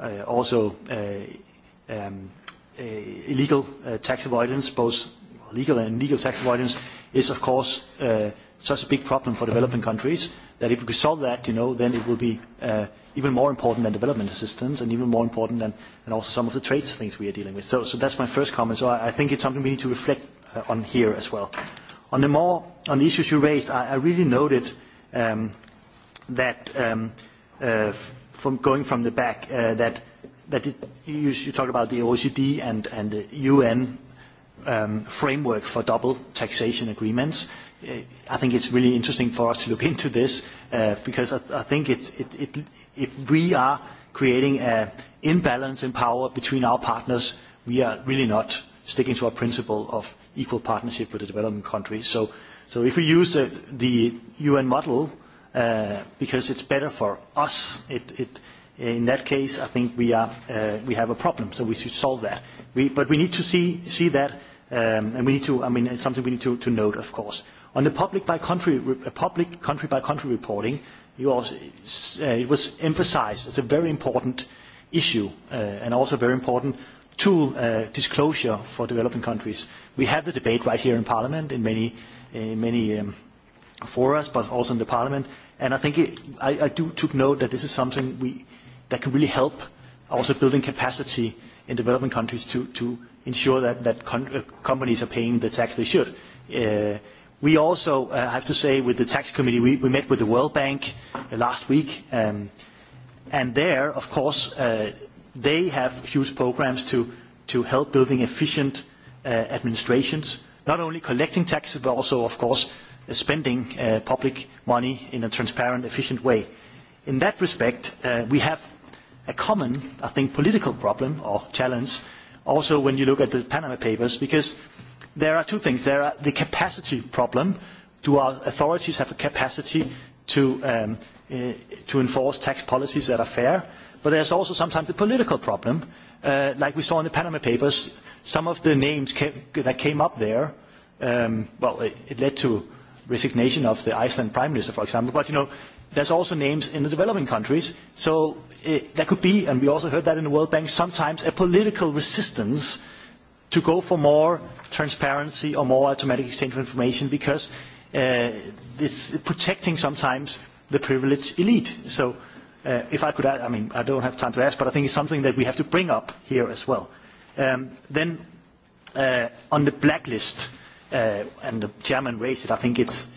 uh, also uh, um, uh, illegal uh, tax avoidance, both legal and illegal tax avoidance, is of course uh, such a big problem for developing countries that if we could solve that, you know, then it will be uh, even more important than development assistance and even more important than, than also some of the trade things we are dealing with. So, so that's my first comment. So I, I think it's something we need to reflect uh, on here as well. On the more on the issues you raised, I, I really noted um, that um, uh, from going from the back uh, that that it, you, you talked about the OECD and, and the UN um, framework for double taxation agreements. I think it's really interesting for us to look into this uh, because I, I think it's, it, it, if we are creating an imbalance in power between our partners, we are really not sticking to our principle of equal partnership with the developing countries. So, so if we use the, the UN model uh, because it's better for us, it, it, in that case, I think we, are, uh, we have a problem. So we should solve that. We, but we need to see, see that and we need to, I mean, it's something we need to, to note, of course. On the public by country, public country by country reporting, you also, uh, it was emphasized as a very important issue uh, and also a very important tool uh, disclosure for developing countries. We have the debate right here in Parliament in many, in many um, forums, but also in the Parliament. And I think it, I, I do took note that this is something we, that can really help also building capacity in developing countries to, to ensure that, companies are paying the tax they should. we also, I have to say, with the tax committee, we, met with the World Bank last week, and there, of course, they have huge programs to, help building efficient administrations, not only collecting taxes, but also, of course, spending public money in a transparent, efficient way. In that respect, we have a common, I think, political problem or challenge also when you look at the Panama Papers, because there are two things. There are the capacity problem. Do our authorities have a capacity to, um, uh, to enforce tax policies that are fair? But there's also sometimes a political problem. Uh, like we saw in the Panama Papers, some of the names came, that came up there, um, well, it, it led to resignation of the Iceland Prime Minister, for example. But, you know, There's also names in the developing countries. So it, there could be, and we also heard that in the World Bank, sometimes a political resistance to go for more transparency or more automatic exchange of information because uh, it's protecting sometimes the privileged elite. So uh, if I could, add, I mean, I don't have time to ask, but I think it's something that we have to bring up here as well. Um, then uh, on the blacklist, uh, and the chairman raised it, I think it's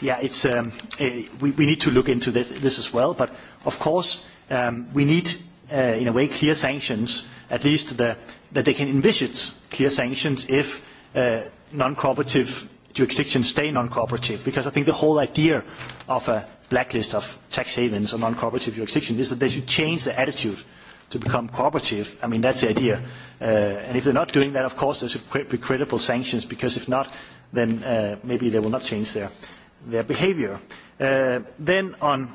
yeah, it's, um, we, we need to look into this, this as well. But of course, um, we need, uh, in a way, clear sanctions, at least the, that they can envisage clear sanctions if uh, non-cooperative jurisdictions stay non-cooperative. Because I think the whole idea of a blacklist of tax havens or non-cooperative jurisdictions is that they should change their attitude to become cooperative. I mean, that's the idea. Uh, and if they're not doing that, of course, there should be credible sanctions, because if not, then uh, maybe they will not change their their behaviour. Then on,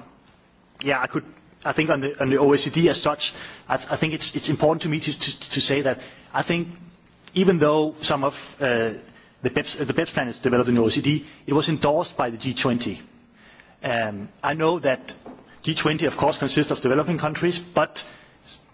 yeah, I could, I think on the OECD as such, I I think it's important to me to say that I think even though some of the BEPS plan is developed in the OECD, it was endorsed by the G20. I know that G20, of course, consists of developing countries, but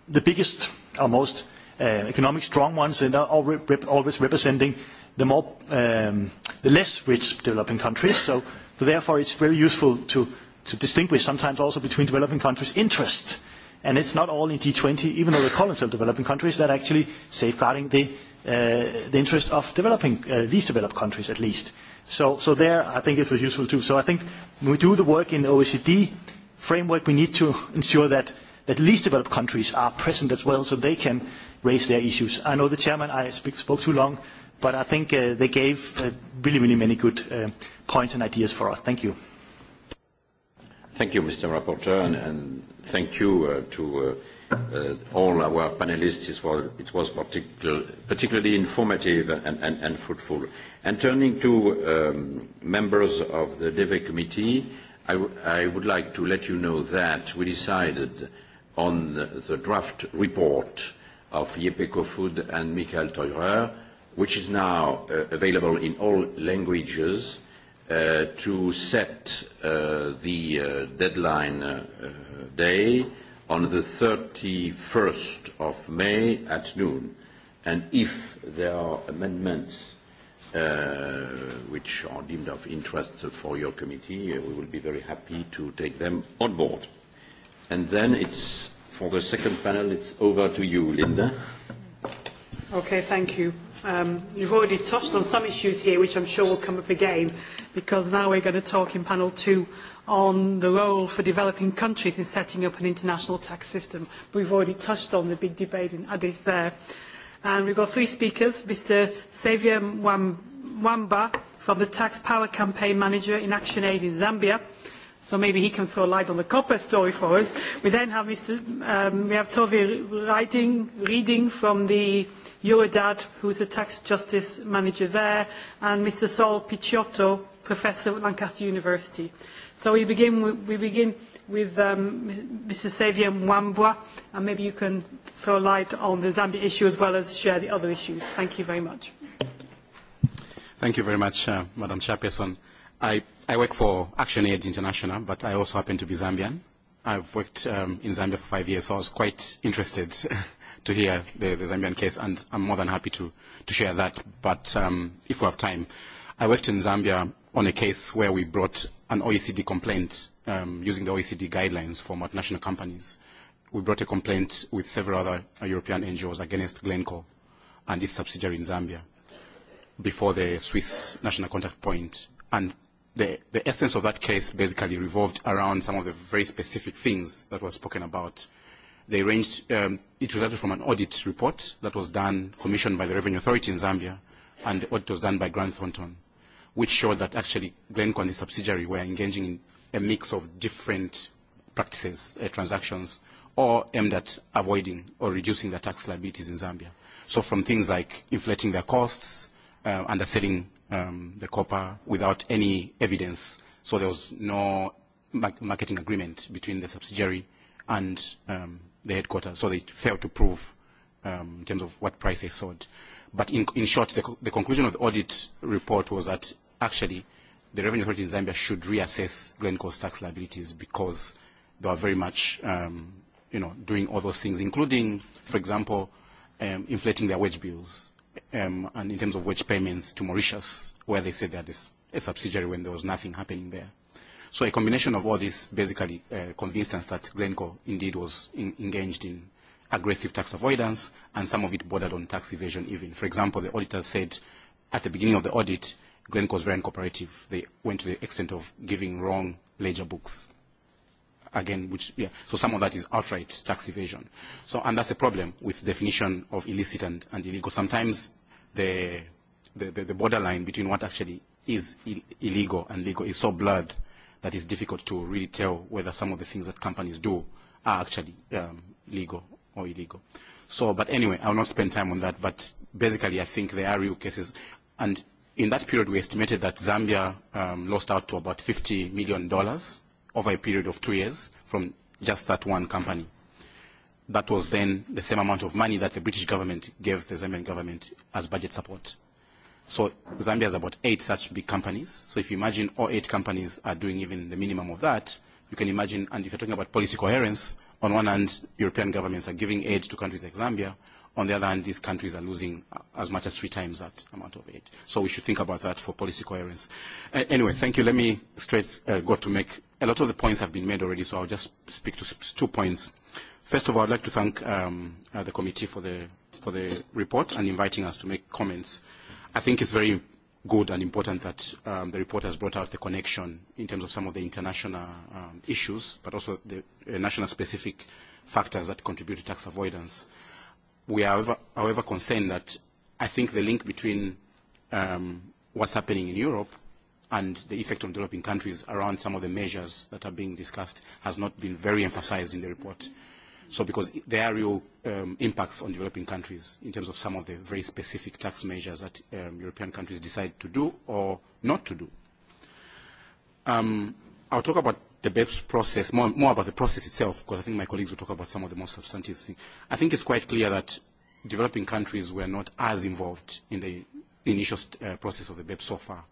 the biggest or most economic strong ones and are always representing the more the less rich developing countries. So So therefore, it's very useful to, to distinguish sometimes also between developing countries' interests. And it's not all in G20, even though the columns of developing countries, that actually safeguarding the, uh, the interest of developing, uh, least developed countries at least. So, so there, I think it was useful too. So I think when we do the work in the OECD framework, we need to ensure that, that least developed countries are present as well so they can raise their issues. I know the chairman, I speak, spoke too long, but I think uh, they gave uh, really, really many good uh, points and ideas for us. Thank you. Thank you, Mr. Rapporteur, and, and thank you uh, to uh, uh, all our panelists. It was, it was particular, particularly informative and, and, and fruitful. And turning to um, members of the DEVE committee, I, w- I would like to let you know that we decided on the draft report of Yepeko Food and Michael Teurer which is now uh, available in all languages, uh, to set uh, the uh, deadline uh, day on the 31st of May at noon. And if there are amendments uh, which are deemed of interest for your committee, we will be very happy to take them on board. And then it's, for the second panel, it's over to you, Linda. Okay, thank you. Um, you've already touched on some issues here, which I'm sure will come up again, because now we're going to talk in panel two on the role for developing countries in setting up an international tax system. We've already touched on the big debate in Addis there. And we've got three speakers, Mr. Xavier Mwamba from the Tax Power Campaign Manager in Action Aid in Zambia, so maybe he can throw light on the copper story for us. We then have Mr. Um, we have Tovi writing, reading from the Eurodad, who is a tax justice manager there, and Mr. Sol Picciotto, professor at Lancaster University. So we begin, with we begin with um, Mr. Xavier Mwambwa, and maybe you can throw light on the Zambia issue as well as share the other issues. Thank you very much. Thank you very much, uh, Madam Chairperson. I, I work for ActionAid International, but I also happen to be Zambian. I've worked um, in Zambia for five years, so I was quite interested to hear the, the Zambian case, and I'm more than happy to, to share that. But um, if we have time, I worked in Zambia on a case where we brought an OECD complaint um, using the OECD guidelines for multinational companies. We brought a complaint with several other European NGOs against Glencore and its subsidiary in Zambia before the Swiss national contact point. And the, the essence of that case basically revolved around some of the very specific things that were spoken about. They ranged, um, it resulted from an audit report that was done, commissioned by the Revenue Authority in Zambia, and the audit was done by Grant Thornton, which showed that actually Glencore and the subsidiary were engaging in a mix of different practices, uh, transactions, or aimed at avoiding or reducing their tax liabilities in Zambia. So from things like inflating their costs, uh, underselling um, the copper without any evidence. So there was no marketing agreement between the subsidiary and um, the headquarters. So they failed to prove um, in terms of what price they sold. But in, in short, the, the conclusion of the audit report was that actually the revenue authority in Zambia should reassess Glencore's tax liabilities because they were very much, um, you know, doing all those things, including, for example, um, inflating their wage bills um, and in terms of wage payments to Mauritius, where they said that it's a subsidiary when there was nothing happening there. So a combination of all this basically uh, convinced us that Glencore indeed was in, engaged in aggressive tax avoidance, and some of it bordered on tax evasion even. For example, the auditor said at the beginning of the audit, was very uncooperative. They went to the extent of giving wrong ledger books again, which, yeah, so some of that is outright tax evasion. So, and that's a problem with definition of illicit and, and illegal. Sometimes the, the, the, the borderline between what actually is Ill- illegal and legal is so blurred that it's difficult to really tell whether some of the things that companies do are actually um, legal or illegal. So, but anyway, I will not spend time on that, but basically I think there are real cases. And in that period, we estimated that Zambia um, lost out to about $50 million dollars over a period of two years from just that one company. That was then the same amount of money that the British government gave the Zambian government as budget support. So Zambia has about eight such big companies. So if you imagine all eight companies are doing even the minimum of that, you can imagine, and if you're talking about policy coherence, on one hand, European governments are giving aid to countries like Zambia. On the other hand, these countries are losing as much as three times that amount of aid. So we should think about that for policy coherence. Uh, anyway, thank you. Let me straight uh, go to make a lot of the points have been made already, so I'll just speak to two points. First of all, I'd like to thank um, uh, the committee for the, for the report and inviting us to make comments. I think it's very good and important that um, the report has brought out the connection in terms of some of the international um, issues, but also the uh, national-specific factors that contribute to tax avoidance. We are, however, however concerned that I think the link between um, what's happening in Europe and the effect on developing countries around some of the measures that are being discussed has not been very emphasized in the report. So because there are real um, impacts on developing countries in terms of some of the very specific tax measures that um, European countries decide to do or not to do. Um, I'll talk about the BEPS process, more, more about the process itself, because I think my colleagues will talk about some of the more substantive things. I think it's quite clear that developing countries were not as involved in the initial uh, process of the BEPS so far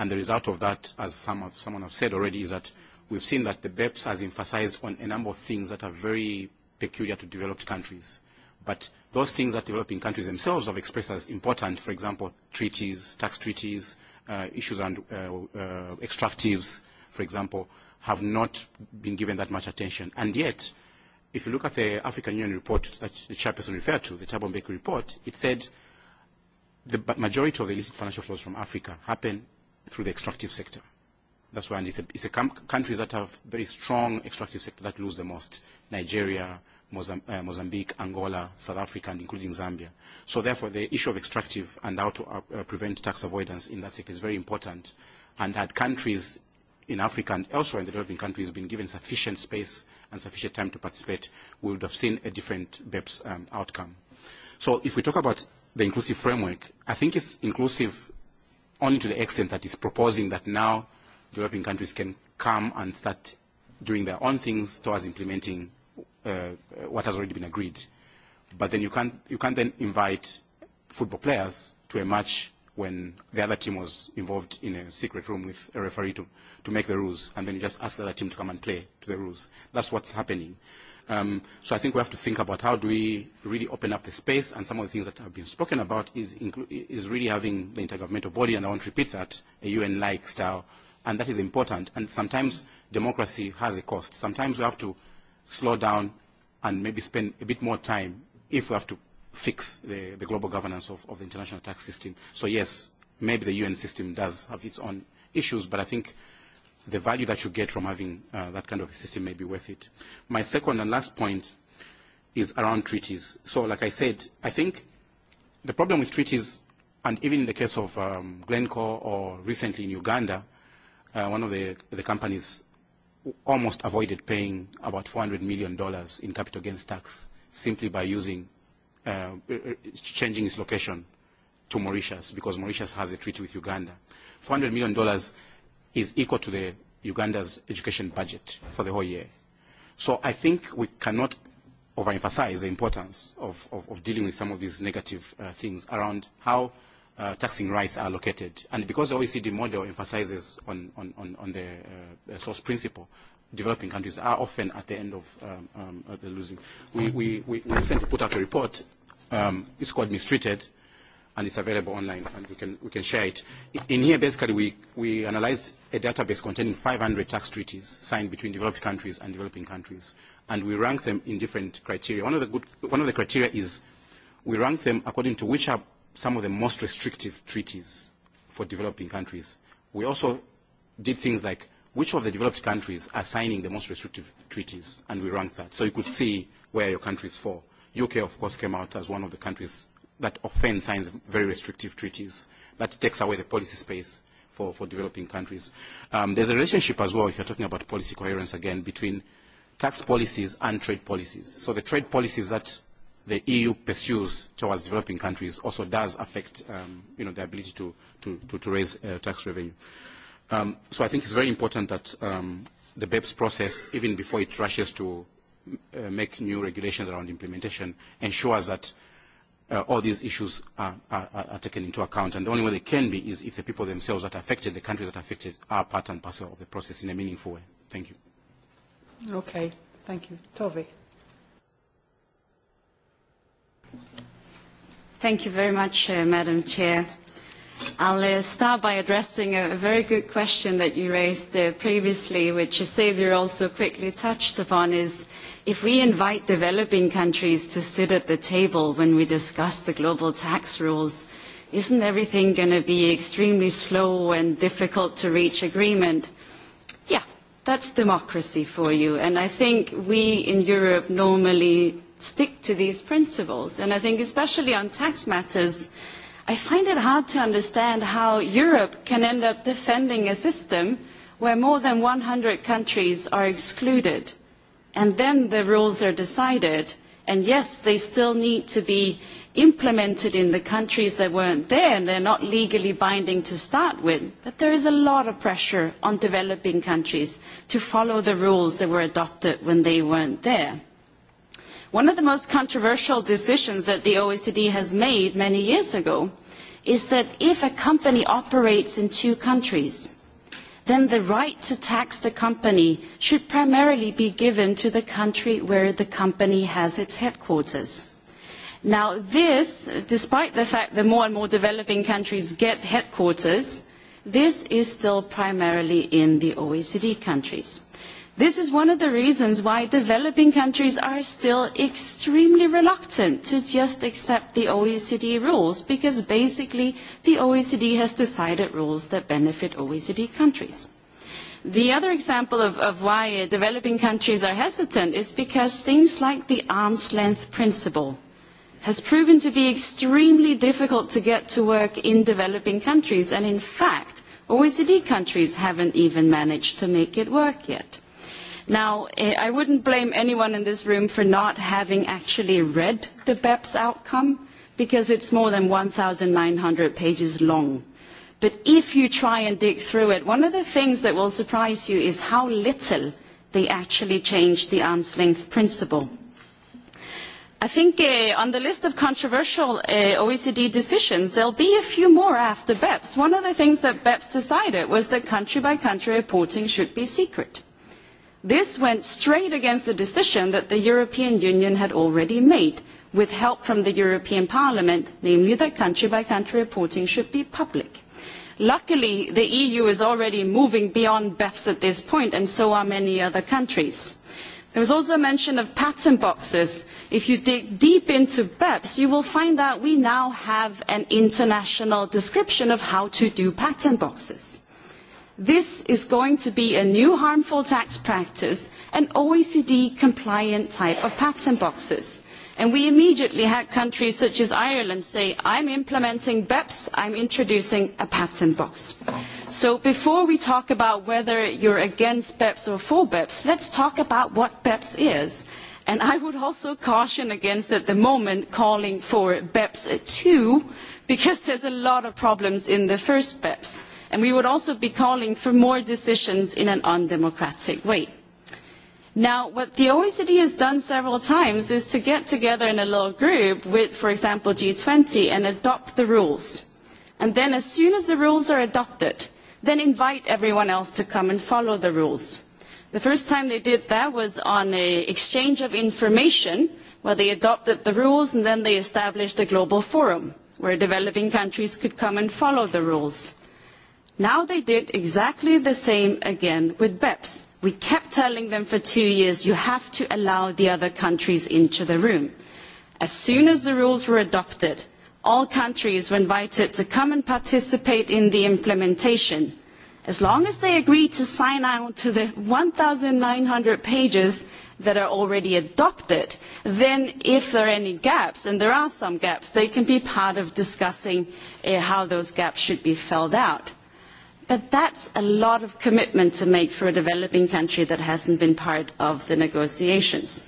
And the result of that, as some have, someone have said already, is that we've seen that the BEPS has emphasized on a number of things that are very peculiar to developed countries. But those things that developing countries themselves have expressed as important, for example, treaties, tax treaties, uh, issues and uh, uh, extractives, for example, have not been given that much attention. And yet, if you look at the African Union report that the chairperson referred to, the Tabon Baker report, it said the majority of the illicit financial flows from Africa happen through the extractive sector. That's why and it's, a, it's a com- countries that have very strong extractive sector that lose the most. Nigeria, Mozamb- uh, Mozambique, Angola, South Africa, and including Zambia. So therefore, the issue of extractive and how to uh, prevent tax avoidance in that sector is very important. And had countries in Africa and elsewhere in the developing countries been given sufficient space and sufficient time to participate, we would have seen a different BEPS um, outcome. So if we talk about the inclusive framework, I think it's inclusive only to the extent that it's proposing that now developing countries can come and start doing their own things towards implementing uh, what has already been agreed. But then you can't, you can't then invite football players to a match when the other team was involved in a secret room with a referee to, to make the rules, and then you just ask the other team to come and play to the rules. That's what's happening. Um, so I think we have to think about how do we really open up the space, and some of the things that have been spoken about is, is really having the intergovernmental body, and I won't repeat that, a UN-like style, and that is important. And sometimes democracy has a cost. Sometimes we have to slow down and maybe spend a bit more time if we have to fix the, the global governance of, of the international tax system. So yes, maybe the UN system does have its own issues, but I think the value that you get from having uh, that kind of a system may be worth it. My second and last point is around treaties. So like I said, I think the problem with treaties, and even in the case of um, Glencore or recently in Uganda, uh, one of the, the companies almost avoided paying about $400 million in capital gains tax simply by using, uh, changing its location to Mauritius because Mauritius has a treaty with Uganda. $400 million is equal to the Uganda's education budget for the whole year. So I think we cannot overemphasize the importance of, of, of dealing with some of these negative uh, things around how uh, taxing rights are allocated. And because the OECD model emphasizes on, on, on, on the uh, source principle, developing countries are often at the end of um, um, the losing. We, we, we recently put out a report. Um, it's called Mistreated and it's available online, and we can, we can share it. In here, basically, we, we analyzed a database containing 500 tax treaties signed between developed countries and developing countries, and we rank them in different criteria. One of the, good, one of the criteria is we rank them according to which are some of the most restrictive treaties for developing countries. We also did things like which of the developed countries are signing the most restrictive treaties, and we ranked that. So you could see where your countries fall. UK, of course, came out as one of the countries that often signs very restrictive treaties that takes away the policy space for, for developing countries. Um, there's a relationship as well, if you're talking about policy coherence again, between tax policies and trade policies. So the trade policies that the EU pursues towards developing countries also does affect um, you know, the ability to, to, to, to raise uh, tax revenue. Um, so I think it's very important that um, the BEPS process, even before it rushes to uh, make new regulations around implementation, ensures that uh, all these issues are, are, are taken into account. And the only way they can be is if the people themselves that are affected, the countries that are affected, are part and parcel of the process in a meaningful way. Thank you. Okay. Thank you. Tove. Thank you very much, uh, Madam Chair. I'll start by addressing a very good question that you raised previously, which Xavier also quickly touched upon, is if we invite developing countries to sit at the table when we discuss the global tax rules, isn't everything going to be extremely slow and difficult to reach agreement? Yeah, that's democracy for you. And I think we in Europe normally stick to these principles. And I think especially on tax matters, I find it hard to understand how Europe can end up defending a system where more than one hundred countries are excluded, and then the rules are decided, and yes, they still need to be implemented in the countries that weren't there, and they're not legally binding to start with, but there is a lot of pressure on developing countries to follow the rules that were adopted when they weren't there. One of the most controversial decisions that the OECD has made many years ago is that if a company operates in two countries, then the right to tax the company should primarily be given to the country where the company has its headquarters. Now this, despite the fact that more and more developing countries get headquarters, this is still primarily in the OECD countries. This is one of the reasons why developing countries are still extremely reluctant to just accept the OECD rules, because basically the OECD has decided rules that benefit OECD countries. The other example of, why developing countries are hesitant is because things like the arm's length principle has proven to be extremely difficult to get to work in developing countries, and in fact, OECD countries haven't even managed to make it work yet. Now, I wouldn't blame anyone in this room for not having actually read the BEPS outcome because it's more than 1,900 pages long. But if you try and dig through it, one of the things that will surprise you is how little they actually changed the arm's length principle. I think on the list of controversial OECD decisions, there will be a few more after BEPS. One of the things that BEPS decided was that country by country reporting should be secret. This went straight against the decision that the European Union had already made, with help from the European Parliament, namely that country-by-country reporting should be public. Luckily, the EU is already moving beyond BEFS at this point, and so are many other countries. There was also mention of patent boxes. If you dig deep into BEPS, you will find out we now have an international description of how to do patent boxes. This is going to be a new harmful tax practice, an OECD compliant type of patent boxes. And we immediately had countries such as Ireland say, I am implementing BEPS, I am introducing a patent box. So before we talk about whether you are against BEPS or for BEPS, let us talk about what BEPS is. And I would also caution against at the moment calling for BEPS two, because there are a lot of problems in the first BEPS And we would also be calling for more decisions in an undemocratic way. Now, what the OECD has done several times is to get together in a little group with, for example, g twenty and adopt the rules. And then as soon as the rules are adopted, then invite everyone else to come and follow the rules. The first time they did that was on an exchange of information where they adopted the rules and then they established a global forum where developing countries could come and follow the rules. Now they did exactly the same again with BEPS. We kept telling them for two years, you have to allow the other countries into the room. As soon as the rules were adopted, all countries were invited to come and participate in the implementation. As long as they agreed to sign on to the one nine hundred pages that are already adopted, then if there are any gaps, and there are some gaps, they can be part of discussing how those gaps should be filled out But that's a lot of commitment to make for a developing country that hasn't been part of the negotiations.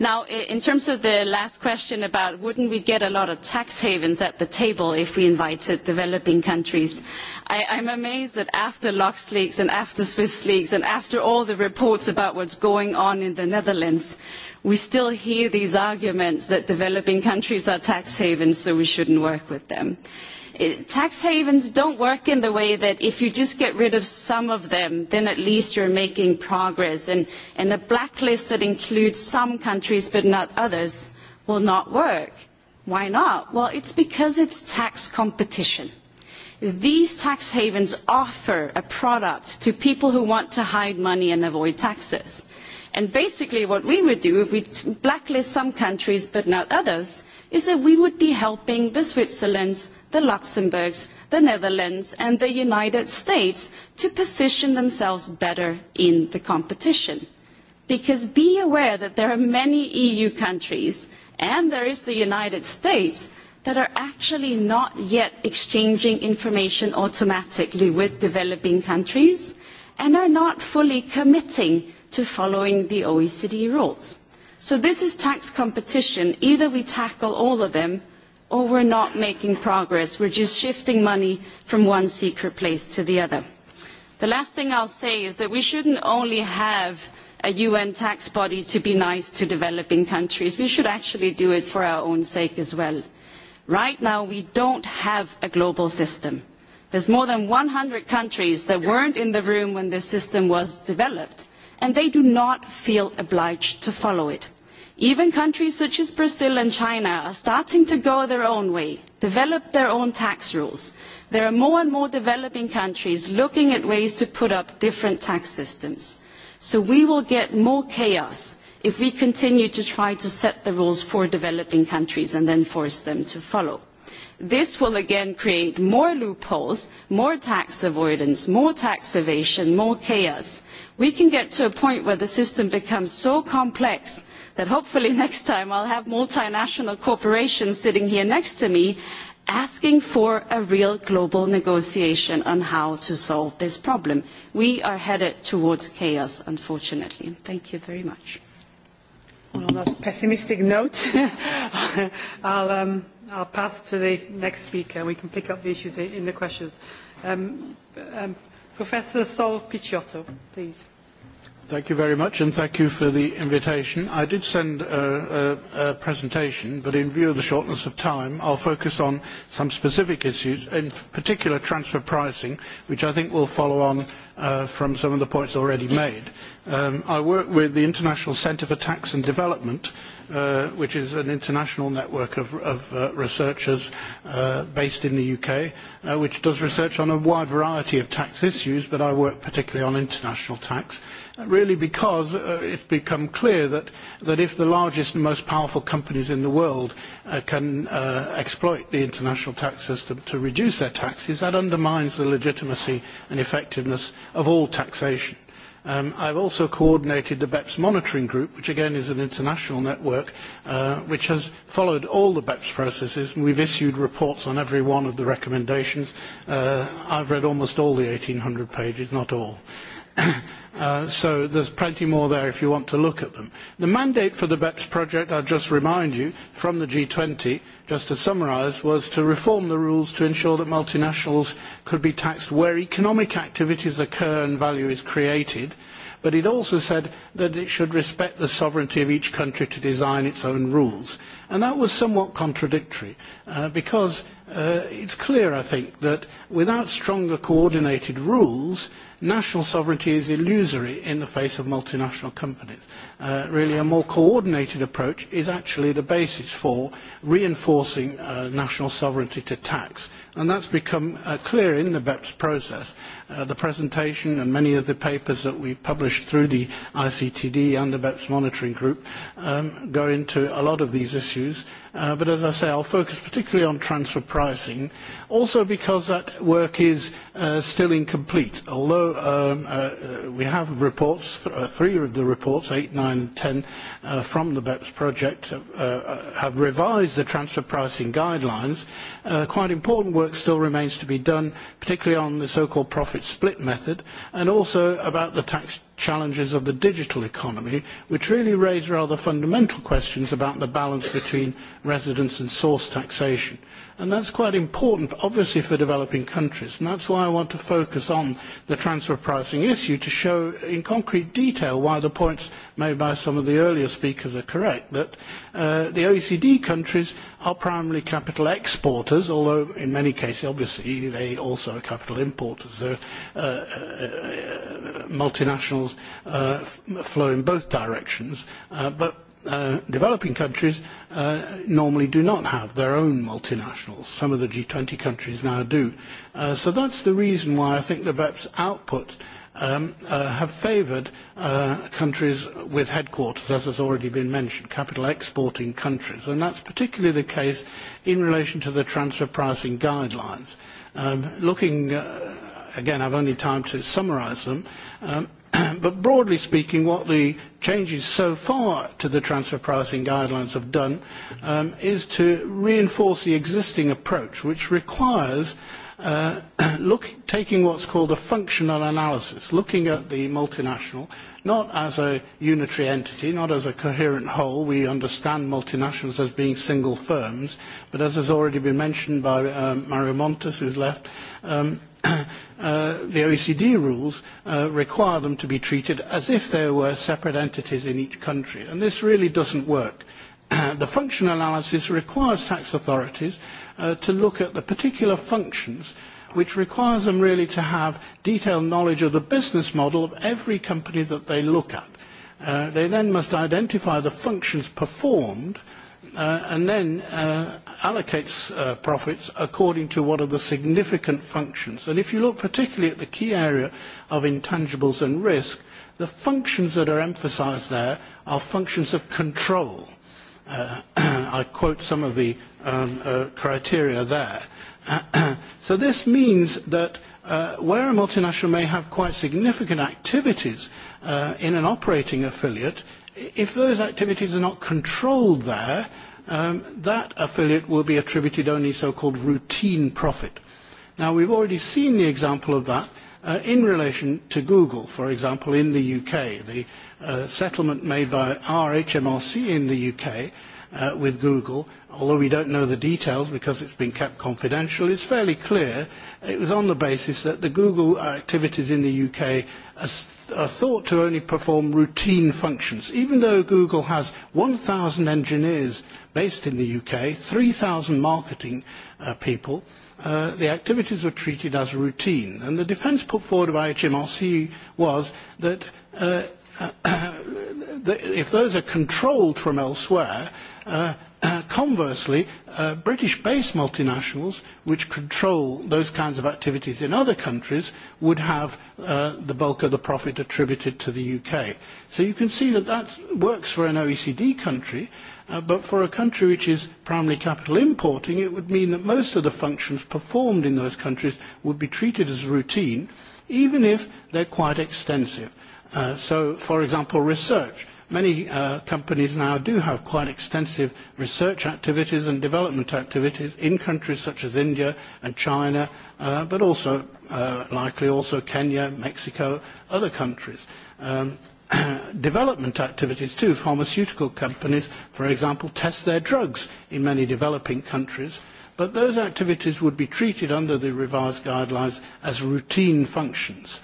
Now, in terms of the last question about wouldn't we get a lot of tax havens at the table if we invited developing countries, I, I'm amazed that after LuxLeaks and after Swiss Leaks and after all the reports about what's going on in the Netherlands, we still hear these arguments that developing countries are tax havens, so we shouldn't work with them tax havens don't work in the way that if you just get rid of some of them, then at least you're making progress. And, and a blacklist that includes some countries but not others will not work. Why not? Well, it's because it's tax competition. These tax havens offer a product to people who want to hide money and avoid taxes And basically what we would do if we blacklist some countries but not others is that we would be helping the Switzerlands, the Luxembourgs, the Netherlands and the United States to position themselves better in the competition. Because be aware that there are many EU countries and there is the United States that are actually not yet exchanging information automatically with developing countries and are not fully committing to following the OECD rules. So this is tax competition. Either we tackle all of them or we're not making progress. We're just shifting money from one secret place to the other. The last thing I'll say is that we shouldn't only have a UN tax body to be nice to developing countries. We should actually do it for our own sake as well. Right now, we don't have a global system. There's more than one hundred countries that weren't in the room when this system was developed and they do not feel obliged to follow it. Even countries such as Brazil and China are starting to go their own way, develop their own tax rules. There are more and more developing countries looking at ways to put up different tax systems. So we will get more chaos if we continue to try to set the rules for developing countries and then force them to follow This will again create more loopholes, more tax avoidance, more tax evasion, more chaos. We can get to a point where the system becomes so complex that hopefully next time I will have multinational corporations sitting here next to me asking for a real global negotiation on how to solve this problem. We are headed towards chaos, unfortunately. Thank you very much on that pessimistic note, I'll, um, I'll pass to the next speaker. We can pick up the issues in the questions. Um, um, Professor Sol Picciotto, please. Thank you very much, and thank you for the invitation. I did send a, presentation, but in view of the shortness of time, I'll focus on some specific issues, in particular transfer pricing, which I think will follow on from some of the points already made. I work with the International Centre for Tax and Development, which is an international network of, of uh, researchers uh, based in the UK, uh, which does research on a wide variety of tax issues, but I work particularly on international tax really because uh, it's become clear that, that if the largest and most powerful companies in the world uh, can uh, exploit the international tax system to reduce their taxes, that undermines the legitimacy and effectiveness of all taxation. Um, I've also coordinated the BEPS monitoring group, which again is an international network, uh, which has followed all the BEPS processes, and we've issued reports on every one of the recommendations. Uh, I've read almost all the 1,800 pages, not all so there's plenty more there if you want to look at them. The mandate for the BEPS project, I'll just remind you, from the g twenty, just to summarise, was to reform the rules to ensure that multinationals could be taxed where economic activities occur and value is created. But it also said that it should respect the sovereignty of each country to design its own rules. And that was somewhat contradictory because it is clear, I think, that without stronger coordinated rules, national sovereignty is illusory in the face of multinational companies. Uh, really, a more coordinated approach is actually the basis for reinforcing uh, national sovereignty to tax. And that's become uh, clear in the BEPS process. Uh, the presentation and many of the papers that we published through the ICTD and the BEPS monitoring group um, go into a lot of these issues but as I say, I'll focus particularly on transfer pricing, also because that work is still incomplete. Although we have reports, three of the reports, eight, nine, and ten, from the BEPS project have revised the transfer pricing guidelines, quite important work still remains to be done, particularly on the so-called profit split method, and also about the tax challenges of the digital economy, which really raise rather fundamental questions about the balance between residence and source taxation. And that's quite important, obviously, for developing countries. And that's why I want to focus on the transfer pricing issue to show in concrete detail why the points made by some of the earlier speakers are correct, that the OECD countries are primarily capital exporters, although in many cases, obviously, they also are capital importers. They're multinationals channels flow in both directions, but developing countries normally do not have their own multinationals. Some of the g twenty countries now do. so that's the reason why I think the BEPS output have favoured countries with headquarters, as has already been mentioned, capital exporting countries. And that's particularly the case in relation to the transfer pricing guidelines. looking, again, I've only time to summarise them. But broadly speaking, what the changes so far to the transfer pricing guidelines have done is to reinforce the existing approach, which requires taking what's called a functional analysis, looking at the multinational, not as a unitary entity, not as a coherent whole. We understand multinationals as being single firms, but as has already been mentioned by um, Mario Montes, who's left, uh, the OECD rules uh, require them to be treated as if there were separate entities in each country. And this really doesn't work. the function analysis requires tax authorities uh, to look at the particular functions which requires them really to have detailed knowledge of the business model of every company that they look at. Uh, they then must identify the functions performed uh, and then allocates uh, profits according to what are the significant functions. And if you look particularly at the key area of intangibles and risk, the functions that are emphasized there are functions of control. Uh, I quote some of the um, uh, criteria there. so this means that uh, where a multinational may have quite significant activities uh, in an operating affiliate, if those activities are not controlled there, that affiliate will be attributed only so-called routine profit. Now, we've already seen the example of that in relation to Google, for example, in the UK. The settlement made by our HMRC in the UK with Google, although we don't know the details because it's been kept confidential, it's fairly clear it was on the basis that the Google activities in the UK are thought to only perform routine functions, even though Google has 1,000 engineers based in the UK, 3,000 marketing uh, people, uh, the activities were treated as routine. And the defence put forward by HMRC was that uh, if those are controlled from elsewhere, uh, conversely, uh, British-based multinationals, which control those kinds of activities in other countries, would have uh, the bulk of the profit attributed to the UK. So you can see that that works for an OECD country, uh, but for a country which is primarily capital importing, it would mean that most of the functions performed in those countries would be treated as routine, even if they're quite extensive. Uh, so, for example, research many uh, companies now do have quite extensive research activities and development activities in countries such as India and China, uh, but also uh, likely also Kenya, Mexico, other countries. Um, development activities too. Pharmaceutical companies, for example, test their drugs in many developing countries but those activities would be treated under the revised guidelines as routine functions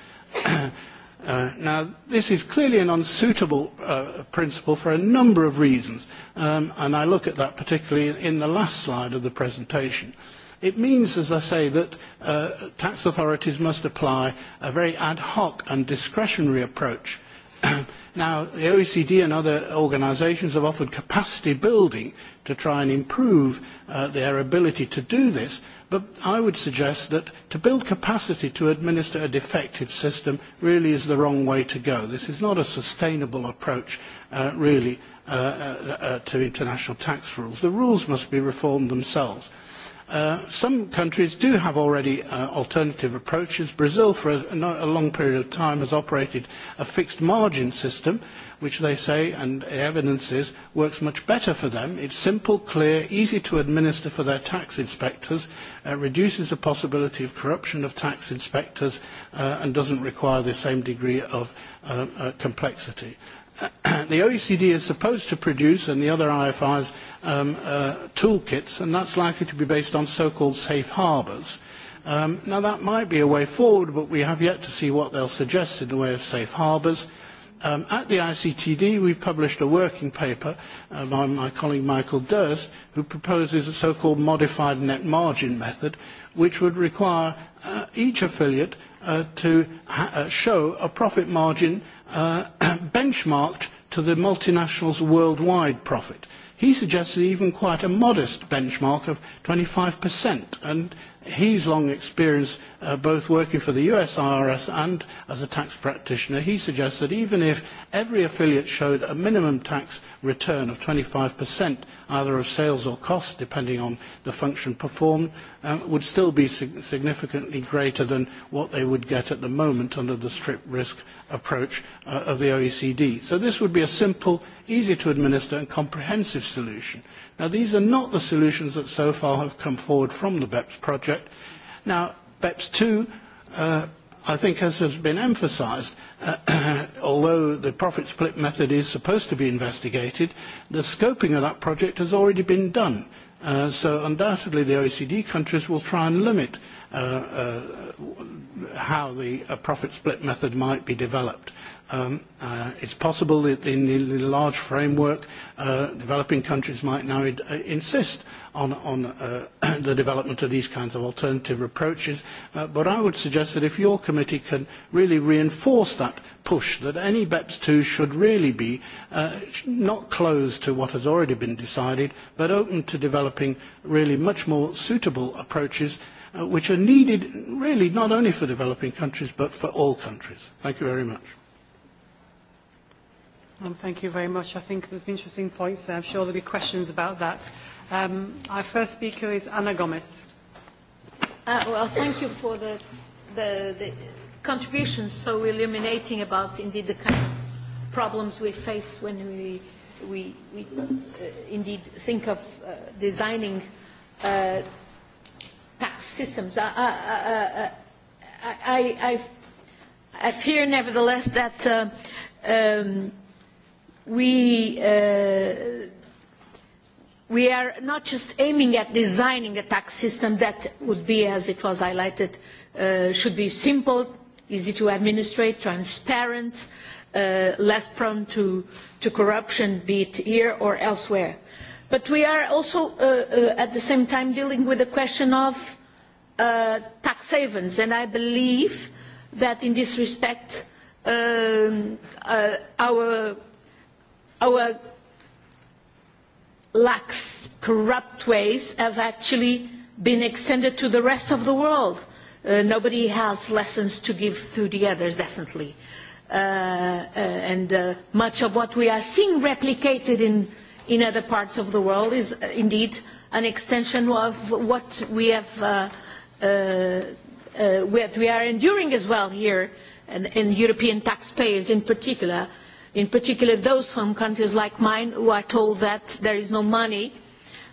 now, this is clearly an unsuitable uh, principle for a number of reasons, um, and I look at that particularly in the last slide of the presentation. It means, as I say, that uh, tax authorities must apply a very ad hoc and discretionary approach. now, the OECD and other organisations have offered capacity building to try and improve their ability to do this. But I would suggest that to build capacity to administer a defective system really is the wrong way to go. This is not a sustainable approach, really, to international tax rules. The rules must be reformed themselves. some countries do have already alternative approaches. Brazil, for a, long period of time, has operated a fixed margin system, which they say, and evidence is, works much better for them. It's simple, clear, easy to administer for their tax inspectors, uh, reduces the possibility of corruption of tax inspectors, uh, and doesn't require the same degree of uh, uh, complexity the OECD is supposed to produce, and the other IFRs um, uh, toolkits, and that's likely to be based on so-called safe harbours. Um, now, that might be a way forward, but we have yet to see what they'll suggest in the way of safe harbours. Um, at the ICTD, we published a working paper uh, by my colleague Michael Durs, who proposes a so-called modified net margin method, which would require uh, each affiliate uh, to ha- uh, show a profit margin uh, benchmarked to the multinational's worldwide profit. He suggested even quite a modest benchmark of 25%, and his long experience uh, both working for the US IRS and as a tax practitioner, he suggests that even if every affiliate showed a minimum tax return of 25%, either of sales or costs, depending on the function performed, um, would still be sig significantly greater than what they would get at the moment under the strict risk approach of the OECD. So this would be a simple, easy to administer and comprehensive solution. Now these are not the solutions that so far have come forward from the BEPS project. Now BEPS 2 uh, I think as has been emphasised, although the profit split method is supposed to be investigated, the scoping of that project has already been done. Uh so undoubtedly the OECD countries will try and limit uh uh how the uh, profit split method might be developed. Um, uh, it's possible that in the, the large framework, uh, developing countries might now uh, insist on, on uh, the development of these kinds of alternative approaches. Uh, but I would suggest that if your committee can really reinforce that push, that any BEPS 2 should really be uh, not closed to what has already been decided, but open to developing really much more suitable approaches uh, which are needed really not only for developing countries but for all countries. Thank you very much. Um, thank you very much. I think there's been interesting points there. I'm sure there'll be questions about that. Um, our first speaker is Anna Gomez. Uh, well, thank you for the, the, the contributions so illuminating about indeed the kind of problems we face when we, we, we uh, indeed think of uh, designing uh, tax systems. I, I, I, I, I fear, nevertheless, that uh, um, we uh, we are not just aiming at designing a tax system that would be, as it was highlighted, uh, should be simple, easy to administrate, transparent, uh, less prone to, to corruption, be it here or elsewhere. Uh, But we are also, at the same time, dealing with the question of tax havens, and I believe that in this respect, our our lax, corrupt ways have actually been extended to the rest of the world. nobody has lessons to give to the others, definitely. and much of what we are seeing replicated in in other parts of the world is indeed an extension of what we have what we are enduring as well here and, and European taxpayers in particular in particular those from countries like mine who are told that there is no money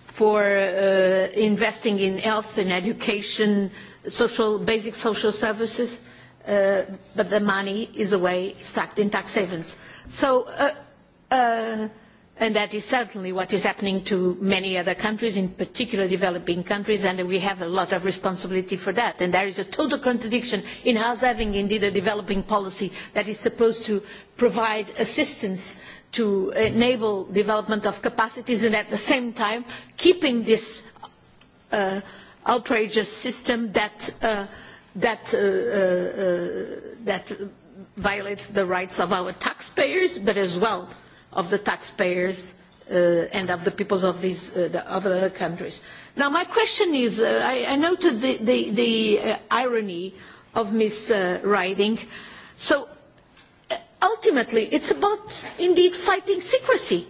for investing in health and education, social, basic social services, but the money is away stacked in tax havens. So And that is certainly what is happening to many other countries, in particular developing countries, and we have a lot of responsibility for that. And there is a total contradiction in us having indeed a developing policy that is supposed to provide assistance to enable development of capacities and at the same time keeping this outrageous system that violates the rights of our taxpayers, but as well of the taxpayers and of the peoples of these the other countries. Now, my question is: I, I noted the, the, the irony of Ms. Riding. So, ultimately, it's about indeed fighting secrecy.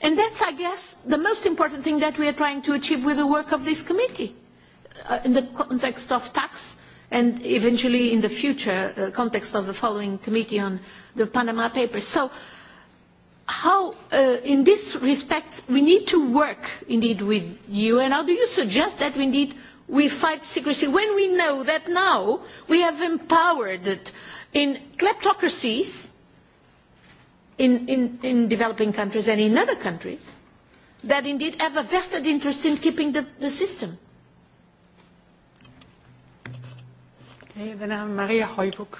And that's, I guess, the most important thing that we are trying to achieve with the work of this committee in the context of tax and eventually in the future context of the following committee on the Panama Papers. So how, in this respect, we need to work indeed with you, and how do you suggest that we indeed we fight secrecy when we know that now we have empowered it in kleptocracies in, in, in developing countries and in other countries that indeed have a vested interest in keeping the, the system. Okay, then I'm Maria Heubuck.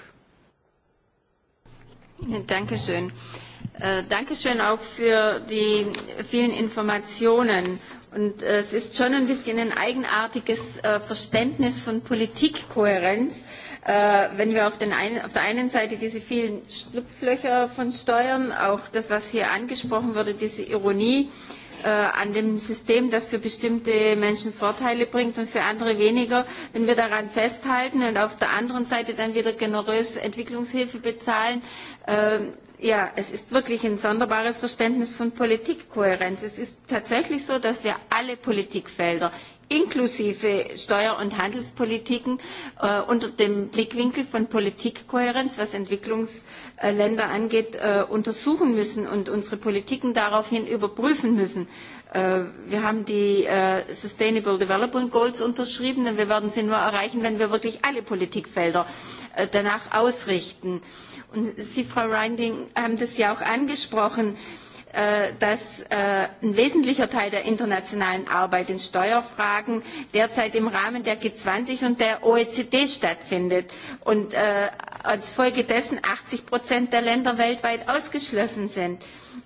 Dankeschön auch für die vielen Informationen. Und es ist schon ein bisschen ein eigenartiges Verständnis von Politikkohärenz, wenn wir auf, der einen Seite diese vielen Schlupflöcher von Steuern, auch das, was hier angesprochen wurde, diese Ironie an dem System, das für bestimmte Menschen Vorteile bringt und für andere weniger, wenn wir daran festhalten und auf der anderen Seite dann wieder generös Entwicklungshilfe bezahlen, ja, es ist wirklich ein sonderbares Verständnis von Politikkohärenz. Es ist tatsächlich so, dass wir alle Politikfelder inklusive Steuer- und Handelspolitiken unter dem Blickwinkel von Politikkohärenz, was Entwicklungsländer angeht, untersuchen müssen und unsere Politiken daraufhin überprüfen müssen. Wir haben die Sustainable Development Goals unterschrieben und wir werden sie nur erreichen, wenn wir wirklich alle Politikfelder danach ausrichten. Sie, Frau Reinding, haben das ja auch angesprochen. Äh, dass ein wesentlicher Teil der internationalen Arbeit in Steuerfragen derzeit im Rahmen der g zwanzig und der OECD stattfindet und als Folge dessen 80 Prozent der Länder weltweit ausgeschlossen sind.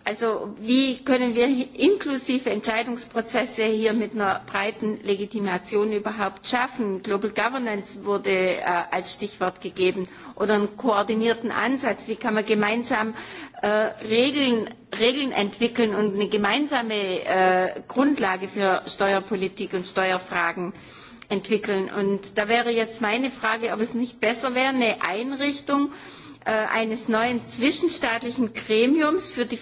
Also wie können wir inklusive Entscheidungsprozesse hier mit einer breiten Legitimation überhaupt schaffen? Global Governance wurde äh, als Stichwort gegeben oder einen koordinierten Ansatz. Wie kann man gemeinsam äh, Regeln, Regeln entwickeln und eine gemeinsame äh, Grundlage für Steuerpolitik und Steuerfragen entwickeln? Und da wäre jetzt meine Frage, ob es nicht besser wäre, eine Einrichtung, eines neuen zwischenstaatlichen Gremiums für die,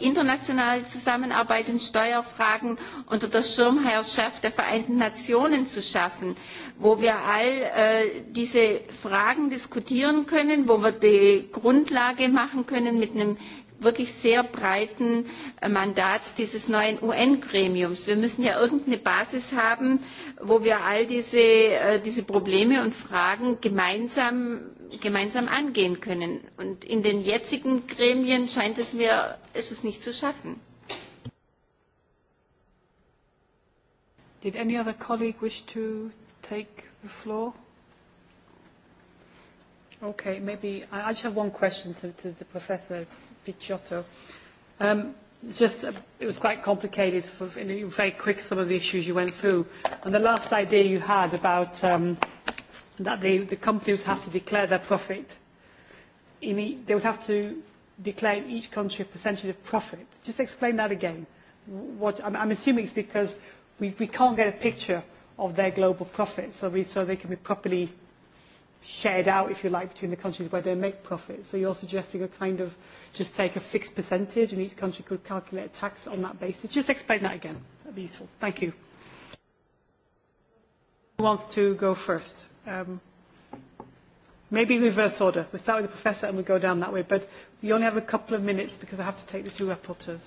internationale Zusammenarbeit in Steuerfragen unter der Schirmherrschaft der Vereinten Nationen zu schaffen, wo wir all diese Fragen diskutieren können, wo wir die Grundlage machen können mit einem wirklich sehr breiten Mandat dieses neuen UN-Gremiums. Wir müssen ja irgendeine Basis haben, wo wir all diese, Probleme und Fragen gemeinsam gemeinsam angehen können. Und in den jetzigen Gremien scheint es mir, ist es nicht zu schaffen. Did any other colleague wish to take the floor? Okay, maybe I, I just have one question to, to the Professor Picciotto. Um, just, it was quite complicated, for, very quick, some of the issues you went through. And the last idea you had about um, – that they, the companies have to declare their profit. In e- they would have to declare in each country a percentage of profit. Just explain that again. What, I'm, I'm assuming it's because we, we can't get a picture of their global profit, so, we, so they can be properly shared out, if you like, between the countries where they make profit. So you're suggesting a kind of just take a fixed percentage and each country could calculate a tax on that basis. Just explain that again. That would be useful. Thank you. Who wants to go first? Um, maybe reverse order. We start with the Professor and we go down that way, but we only have a couple of minutes because I have to take the two rapporteurs.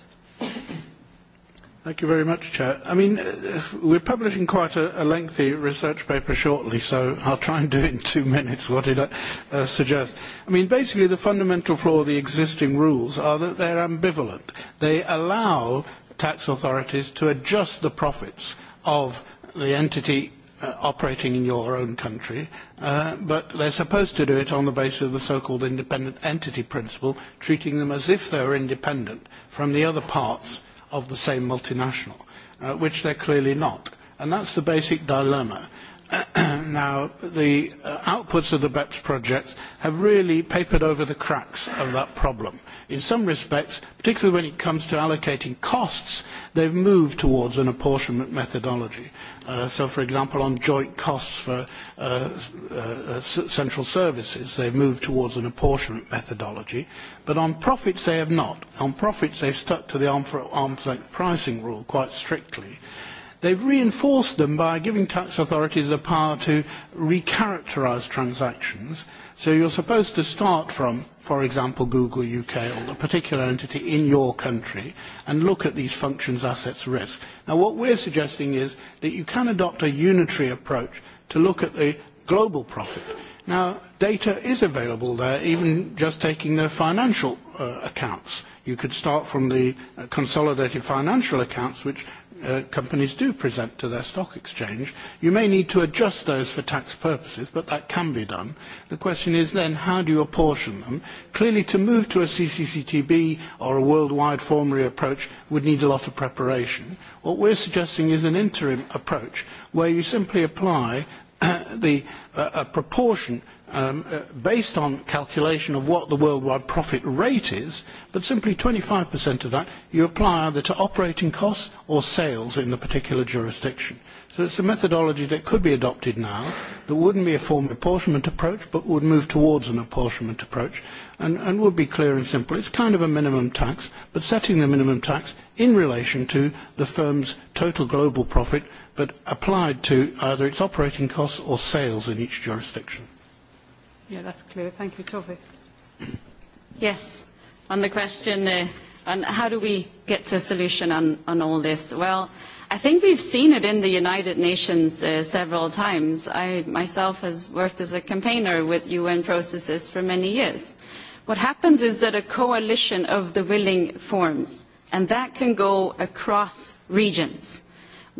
Thank you very much, Chair. I mean, uh, we're publishing quite a, a lengthy research paper shortly, so I'll try and do it in two minutes. What it uh uh, suggests. I mean, basically, the fundamental flaw of the existing rules are that they're ambivalent. They allow tax authorities to adjust the profits of the entity operating in your own country, but they're supposed to do it on the basis of the so-called independent entity principle, treating them as if they were independent from the other parts of the same multinational, which they're clearly not. And that's the basic dilemma now, the outputs of the BEPS project have really papered over the cracks of that problem. In some respects, particularly when it comes to allocating costs, they've moved towards an apportionment methodology. so, for example, on joint costs for central services, they've moved towards an apportionment methodology. But on profits, they have not. On profits, they've stuck to the arm's length pricing rule quite strictly. They've reinforced them by giving tax authorities the power to recharacterise transactions. So you're supposed to start from, for example, Google UK or the particular entity in your country and look at these functions, assets, risk. Now what we're suggesting is that you can adopt a unitary approach to look at the global profit. Now, data is available there, even just taking their financial uh, accounts. You could start from the uh, consolidated financial accounts, which uh, companies do present to their stock exchange. You may need to adjust those for tax purposes, but that can be done. The question is then, how do you apportion them? Clearly, to move to a CCCTB or a worldwide formulary approach would need a lot of preparation. What we're suggesting is an interim approach where you simply apply the, uh, a proportion Um based on calculation of what the worldwide profit rate is, but simply 25% of that you apply either to operating costs or sales in the particular jurisdiction. So it's a methodology that could be adopted now that wouldn't be a form of apportionment approach, but would move towards an apportionment approach and, and would be clear and simple. It's kind of a minimum tax, but setting the minimum tax in relation to the firm's total global profit, but applied to either its operating costs or sales in each jurisdiction. Yeah, that's clear. Thank you, Tove. Yes, on the question uh, on how do we get to a solution on, on all this? Well, I think we've seen it in the United Nations uh, several times. I myself has worked as a campaigner with UN processes for many years. What happens is that a coalition of the willing forms, and that can go across regions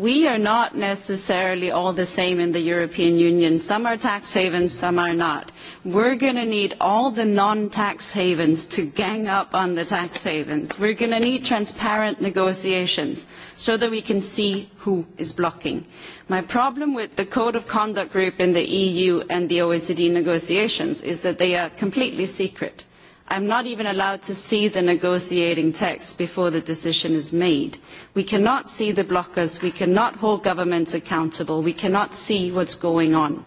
we are not necessarily all the same in the European Union. Some are tax havens, some are not. We're going to need all the non-tax havens to gang up on the tax havens. We're going to need transparent negotiations so that we can see who is blocking. My problem with the Code of Conduct Group in the EU and the OECD negotiations is that they are completely secret I am not even allowed to see the negotiating text before the decision is made. We cannot see the blockers. We cannot hold governments accountable. We cannot see what is going on.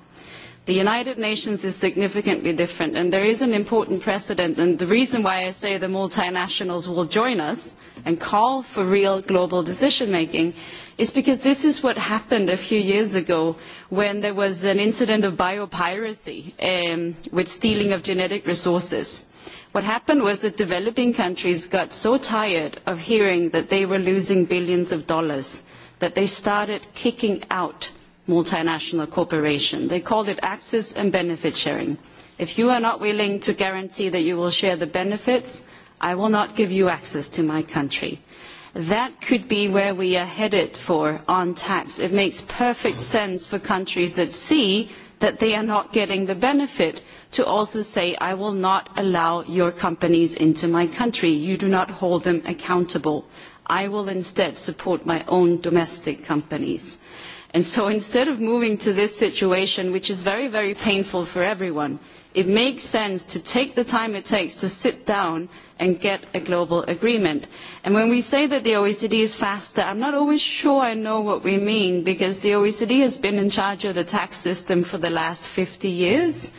The United Nations is significantly different, and there is an important precedent. And the reason why I say the multinationals will join us and call for real global decision making is because this is what happened a few years ago when there was an incident of biopiracy, um, with stealing of genetic resources What happened was that developing countries got so tired of hearing that they were losing billions of dollars that they started kicking out multinational corporations. They called it access and benefit sharing. If you are not willing to guarantee that you will share the benefits, I will not give you access to my country. That could be where we are headed for on tax. It makes perfect sense for countries that see that they are not getting the benefit to also say, I will not allow your companies into my country. You do not hold them accountable. I will instead support my own domestic companies. And so instead of moving to this situation, which is very, very painful for everyone, it makes sense to take the time it takes to sit down and get a global agreement. And when we say that the OECD is faster, I'm not always sure I know what we mean because the OECD has been in charge of the tax system for the last 50 years.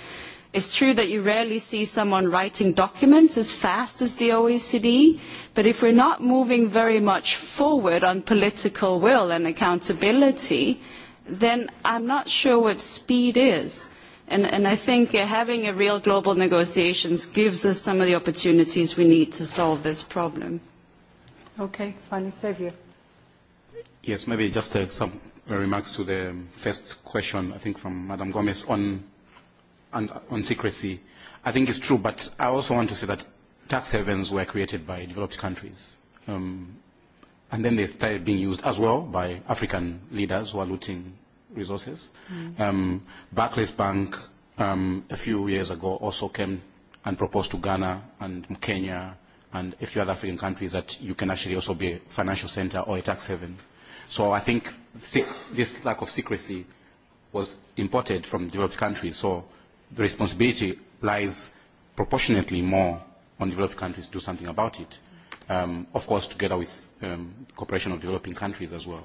It's true that you rarely see someone writing documents as fast as the OECD, but if we're not moving very much forward on political will and accountability, then I'm not sure what speed is And, I think having a real global negotiations gives us some of the opportunities we need to solve this problem. Okay, finally, Xavier. Yes, maybe just uh, some remarks to the first question, I think from Madam Gomez on, on, on secrecy. I think it's true, but I also want to say that tax havens were created by developed countries. Um, and then they started being used as well by African leaders who are looting resources. Mm. Um, Barclays Bank um, a few years ago also came and proposed to Ghana and Kenya and a few other African countries that you can actually also be a financial center or a tax haven. So I think this lack of secrecy was imported from developed countries. So the responsibility lies proportionately more on developed countries to do something about it, um, of course together with um, cooperation of developing countries as well.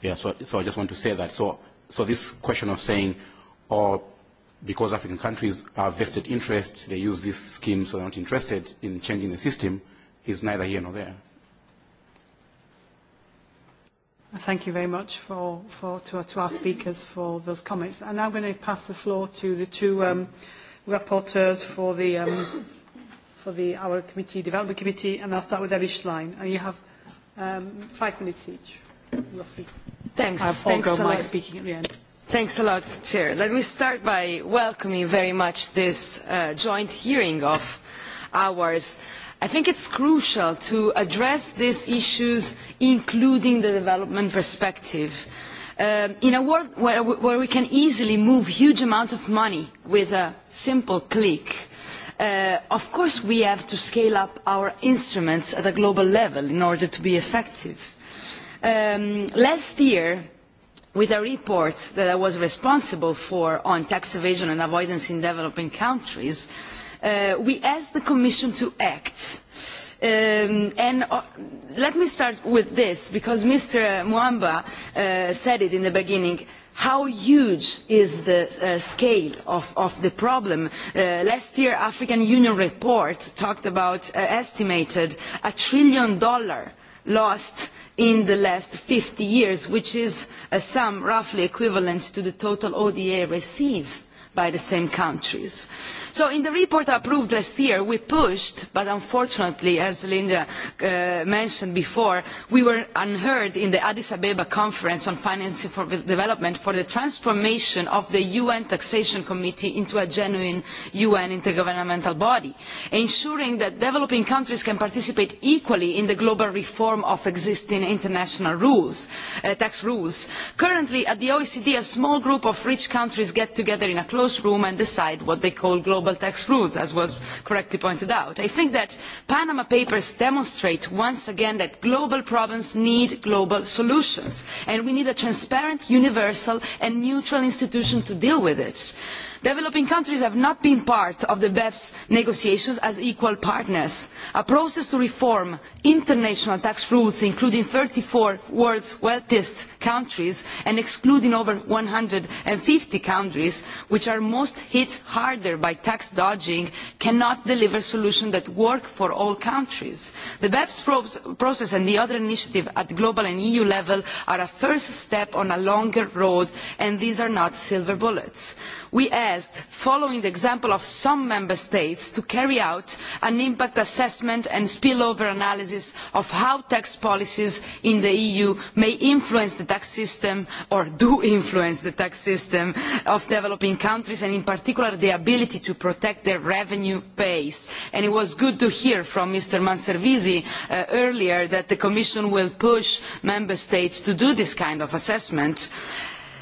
Yeah, so, so I just want to say that. So, so this question of saying, or because African countries are vested interests, they use this scheme so they're not interested in changing the system, is neither here nor there. Thank you very much for, for, to, to our speakers for those comments. And I'm going to pass the floor to the two um, rapporteurs for the, um, for the, our committee, development committee, and I'll start with Eric Schlein. And you have um, five minutes each, roughly. Thanks. I apologize for speaking at the end. Thanks a lot, Chair. Let me start by welcoming very much this joint hearing of ours. I think it is crucial to address these issues, including the development perspective. in a world where, we can easily move huge amounts of money with a simple click, of course we have to scale up our instruments at a global level in order to be effective last year, with a report that I was responsible for on tax evasion and avoidance in developing countries, we asked the Commission to act. and let me start with this, because Mr. Mwamba said it in the beginning how huge is the scale of, the problem. last year, the African Union report talked about uh, estimated a trillion dollar lost in the last fifty years, which is a sum roughly equivalent to the total ODA received by the same countries. So in the report approved last year, we pushed, but unfortunately, as Linda mentioned before, we were unheard in the Addis Ababa Conference on Financing for Development for the transformation of the UN Taxation Committee into a genuine UN intergovernmental body, ensuring that developing countries can participate equally in the global reform of existing international rules, tax rules. Currently, at the OECD, a small group of rich countries get together in a close this room and decide what they call global tax rules, as was correctly pointed out. I think that Panama Papers demonstrate once again that global problems need global solutions, and we need a transparent, universal, and neutral institution to deal with it Developing countries have not been part of the BEPS negotiations as equal partners. A process to reform international tax rules, including thirty four world's wealthiest countries and excluding over one hundred and fifty countries, which are most hit harder by tax dodging, cannot deliver solutions that work for all countries. The BEPS process and the other initiatives at global and EU level are a first step on a longer road, and these are not silver bullets. We asked following the example of some member states to carry out an impact assessment and spillover analysis of how tax policies in the eu may influence the tax system or do influence the tax system of developing countries and in particular the ability to protect their revenue base. it was good to hear from mr manservisi earlier that the commission will push member states to do this kind of assessment.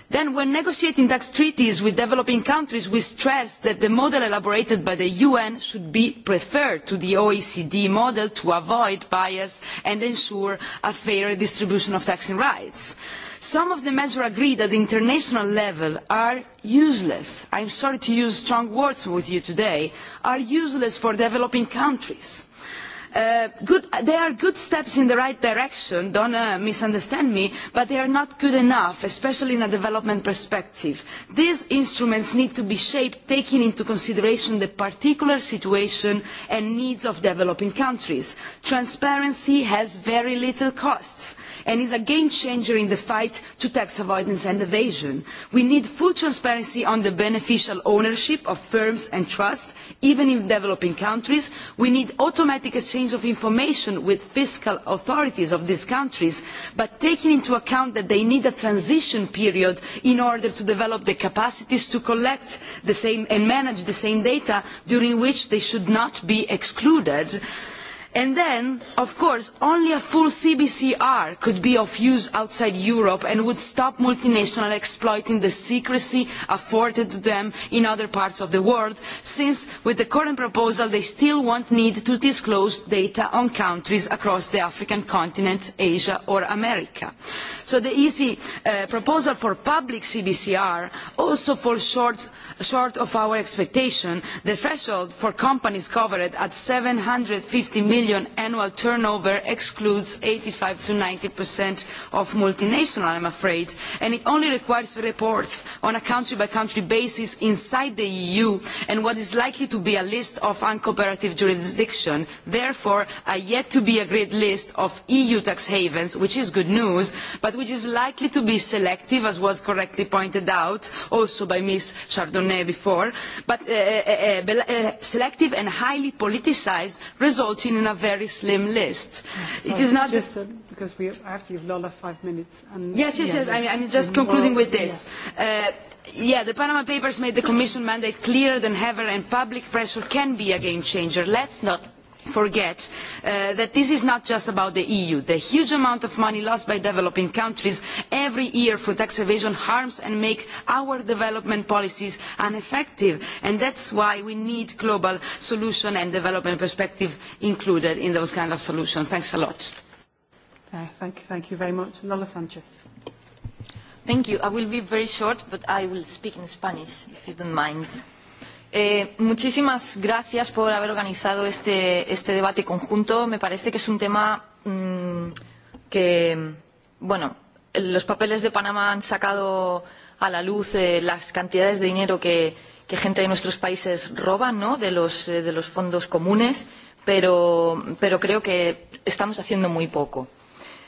Then when negotiating tax treaties with developing countries, we stress that the model elaborated by the UN should be preferred to the OECD model to avoid bias and ensure a fair distribution of taxing rights. Some of the measures agreed at the international level are useless. I am sorry to use strong words with you today, are useless for developing countries they are good steps in the right direction, do not misunderstand me, but they are not good enough, especially in a development perspective. These instruments need to be shaped taking into consideration the particular situation and needs of developing countries. Transparency has very little costs and is a game changer in the fight to tax avoidance and evasion. We need full transparency on the beneficial ownership of firms and trusts, even in developing countries. We need automatic exchange exchange of information with fiscal authorities of these countries, but taking into account that they need a transition period in order to develop the capacities to collect the same and manage the same data during which they should not be excluded. Uh, And then, of course, only a full CBCR could be of use outside Europe and would stop multinationals exploiting the secrecy afforded to them in other parts of the world, since with the current proposal they still won't need to disclose data on countries across the African continent, Asia or America. So the easy proposal for public CBCR also falls short, of our expectation. The threshold for companies covered at EUR seven hundred fifty million billion annual turnover excludes eighty five to 90% of multinational, I am afraid, and it only requires reports on a country-by-country basis inside the EU and what is likely to be a list of uncooperative jurisdictions. Therefore, a yet-to-be-agreed list of EU tax havens, which is good news, but which is likely to be selective, as was correctly pointed out, also by Ms. Chardonnay before, but selective and highly politicised, resulting in a very slim list. It is not because we have to give Lola five minutes. And yes, yes, yes. I am just concluding with this. Yeah. the Panama Papers made the Commission mandate clearer than ever, and public pressure can be a game changer. Let's not forget that this is not just about the EU. The huge amount of money lost by developing countries every year for tax evasion harms and makes our development policies ineffective. And that is why we need global solution and development perspective included in those kind of solutions. Thanks a lot. thank, you very much. Lola Sanchez. Thank you. I will be very short, but I will speak in Spanish, if you don't mind. Eh, muchísimas gracias por haber organizado este, este debate conjunto. Me parece que es un tema mmm, que, bueno, los papeles de Panamá han sacado a la luz eh, las cantidades de dinero que, que gente de nuestros países roba ¿no? de, los, eh, de los fondos comunes, pero, pero creo que estamos haciendo muy poco.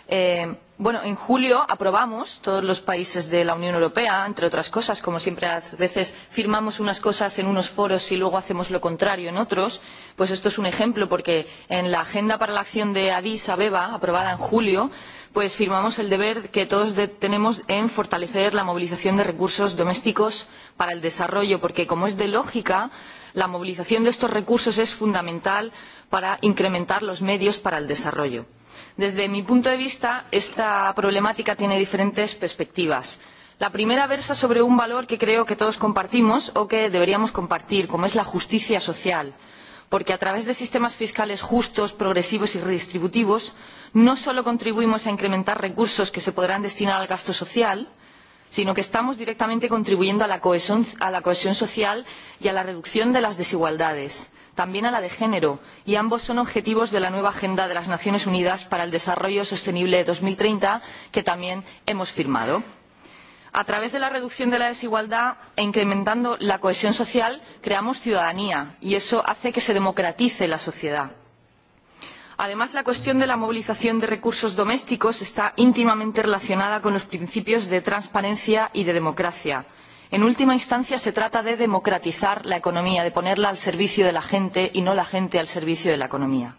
Eh, Bueno, en julio aprobamos todos los países de la Unión Europea, entre otras cosas, como siempre a veces firmamos unas cosas en unos foros y luego hacemos lo contrario en otros, pues esto es un ejemplo porque en la Agenda para la Acción de Addis Abeba, aprobada en julio, pues firmamos el deber que todos tenemos en fortalecer la movilización de recursos domésticos para el desarrollo, porque como es de lógica, la movilización de estos recursos es fundamental para incrementar los medios para el desarrollo. Desde mi punto de vista, esta problemática tiene diferentes perspectivas. La primera versa sobre un valor que creo que todos compartimos o que deberíamos compartir, como es la justicia social porque a través de sistemas fiscales justos, progresivos y redistributivos, no solo contribuimos a incrementar recursos que se podrán destinar al gasto social, sino que estamos directamente contribuyendo a la, cohesión, a la cohesión social y a la reducción de las desigualdades, también a la de género, y ambos son objetivos de la nueva Agenda de las Naciones Unidas para el Desarrollo Sostenible dos mil treinta, que también hemos firmado. A través de la reducción de la desigualdad e incrementando la cohesión social, creamos ciudadanía, y eso hace que se democratice la sociedad Además, la cuestión de la movilización de recursos domésticos está íntimamente relacionada con los principios de transparencia y de democracia. En última instancia, se trata de democratizar la economía, de ponerla al servicio de la gente y no la gente al servicio de la economía.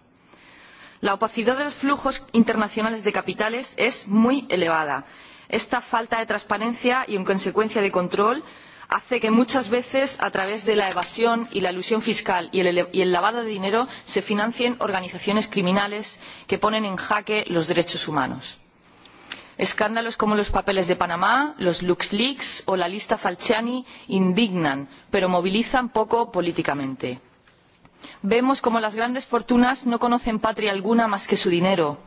La opacidad de los flujos internacionales de capitales es muy elevada. Esta falta de transparencia y, en consecuencia, de control hace que muchas veces a través de la evasión y la elusión fiscal y el lavado de dinero se financien organizaciones criminales que ponen en jaque los derechos humanos. Escándalos como los papeles de Panamá, los LuxLeaks o la lista Falciani indignan, pero movilizan poco políticamente. Vemos como las grandes fortunas no conocen patria alguna más que su dinero,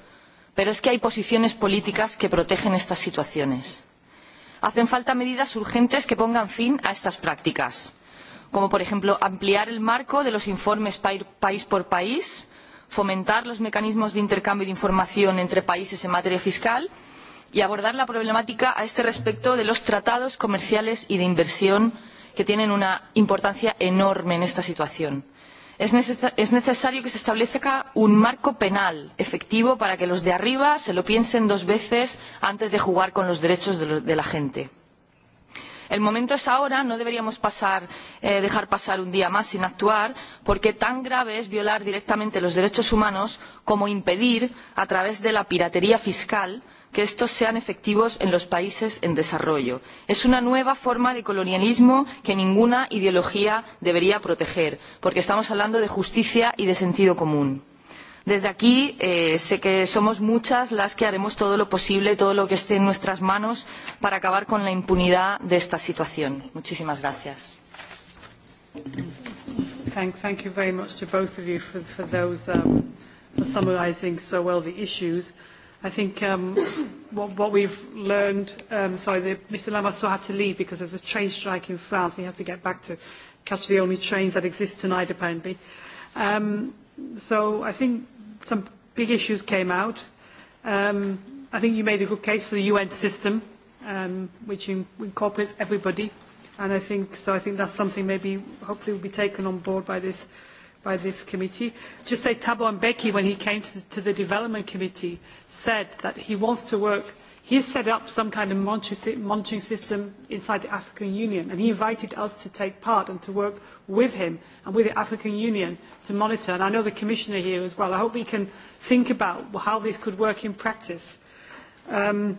pero es que hay posiciones políticas que protegen estas situaciones hacen falta medidas urgentes que pongan fin a estas prácticas, como por ejemplo ampliar el marco de los informes país por país, fomentar los mecanismos de intercambio de información entre países en materia fiscal y abordar la problemática a este respecto de los tratados comerciales y de inversión que tienen una importancia enorme en esta situación es, necesario que se establezca un marco penal efectivo para que los de arriba se lo piensen dos veces antes de jugar con los derechos de, la gente. El momento es ahora, no deberíamos dejar pasar un día más sin actuar, porque tan grave es violar directamente los derechos humanos como impedir, a través de la piratería fiscal, que estos sean efectivos en los países en desarrollo. Es una nueva forma de colonialismo que ninguna ideología debería proteger, porque estamos hablando de justicia y de sentido común. Desde aquí sé que somos muchas las que haremos todo lo posible, todo lo que esté en nuestras manos para acabar con la impunidad de esta situación. Muchísimas gracias. Thank, you very much to both of you for, for those um, for so well the issues. I think um, what, what we've learned, um, sorry, the, Mr. Lamassoure had to leave because there's a train strike in France. He has to get back to catch the only trains that exist tonight, apparently. Um, so I think some big issues came out. Um, I think you made a good case for the UN system, um, which in, incorporates everybody. And I think, so I think that's something maybe hopefully will be taken on board by this by this committee. Just say Thabo Mbeki, when he came to the, to the Development Committee, said that he wants to work, he has set up some kind of monitoring system inside the African Union, and he invited us to take part and to work with him and with the African Union to monitor. And I know the Commissioner here as well. I hope we can think about how this could work in practice. Um,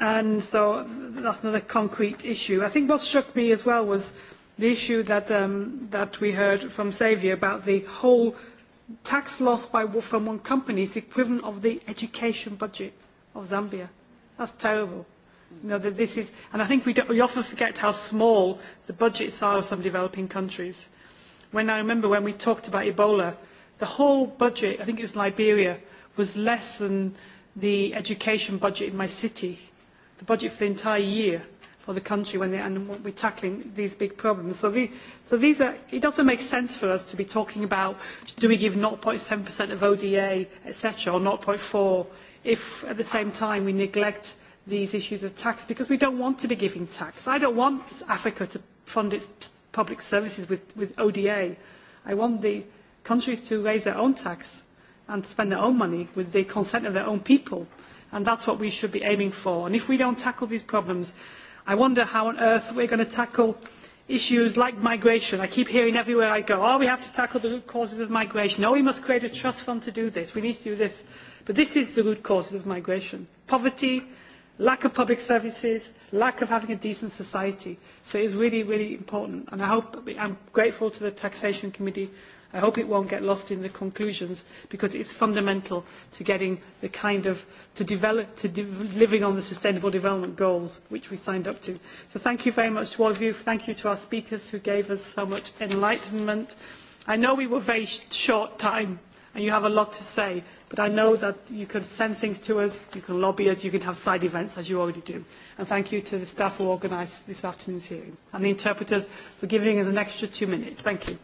and so that's another concrete issue. I think what struck me as well was the issue that, um, that we heard from Xavier about the whole tax loss by, from one company is the equivalent of the education budget of Zambia. That's terrible. You know, that this is, and I think we, don't, we often forget how small the budgets are of some developing countries. When I remember when we talked about Ebola, the whole budget, I think it was Liberia, was less than the education budget in my city, the budget for the entire year for the country when they, and we're tackling these big problems. So, the, so these are, it doesn't make sense for us to be talking about do we give 0.7% of ODA, etc., or 0.4, if at the same time we neglect these issues of tax because we don't want to be giving tax. I don't want Africa to fund its public services with, with ODA. I want the countries to raise their own tax and spend their own money with the consent of their own people. And that's what we should be aiming for. And if we don't tackle these problems, I wonder how on earth we're going to tackle issues like migration. I keep hearing everywhere I go, oh, we have to tackle the root causes of migration. Oh, we must create a trust fund to do this. We need to do this. But this is the root causes of migration. Poverty, lack of public services, lack of having a decent society. So it is really, really important. And I hope, I'm grateful to the Taxation Committee I hope it won't get lost in the conclusions because it's fundamental to getting the kind of, to develop, to living on the sustainable development goals which we signed up to. So thank you very much to all of you. Thank you to our speakers who gave us so much enlightenment. I know we were very short time and you have a lot to say, but I know that you can send things to us, you can lobby us, you can have side events as you already do. And thank you to the staff who organised this afternoon's hearing and the interpreters for giving us an extra two minutes. Thank you.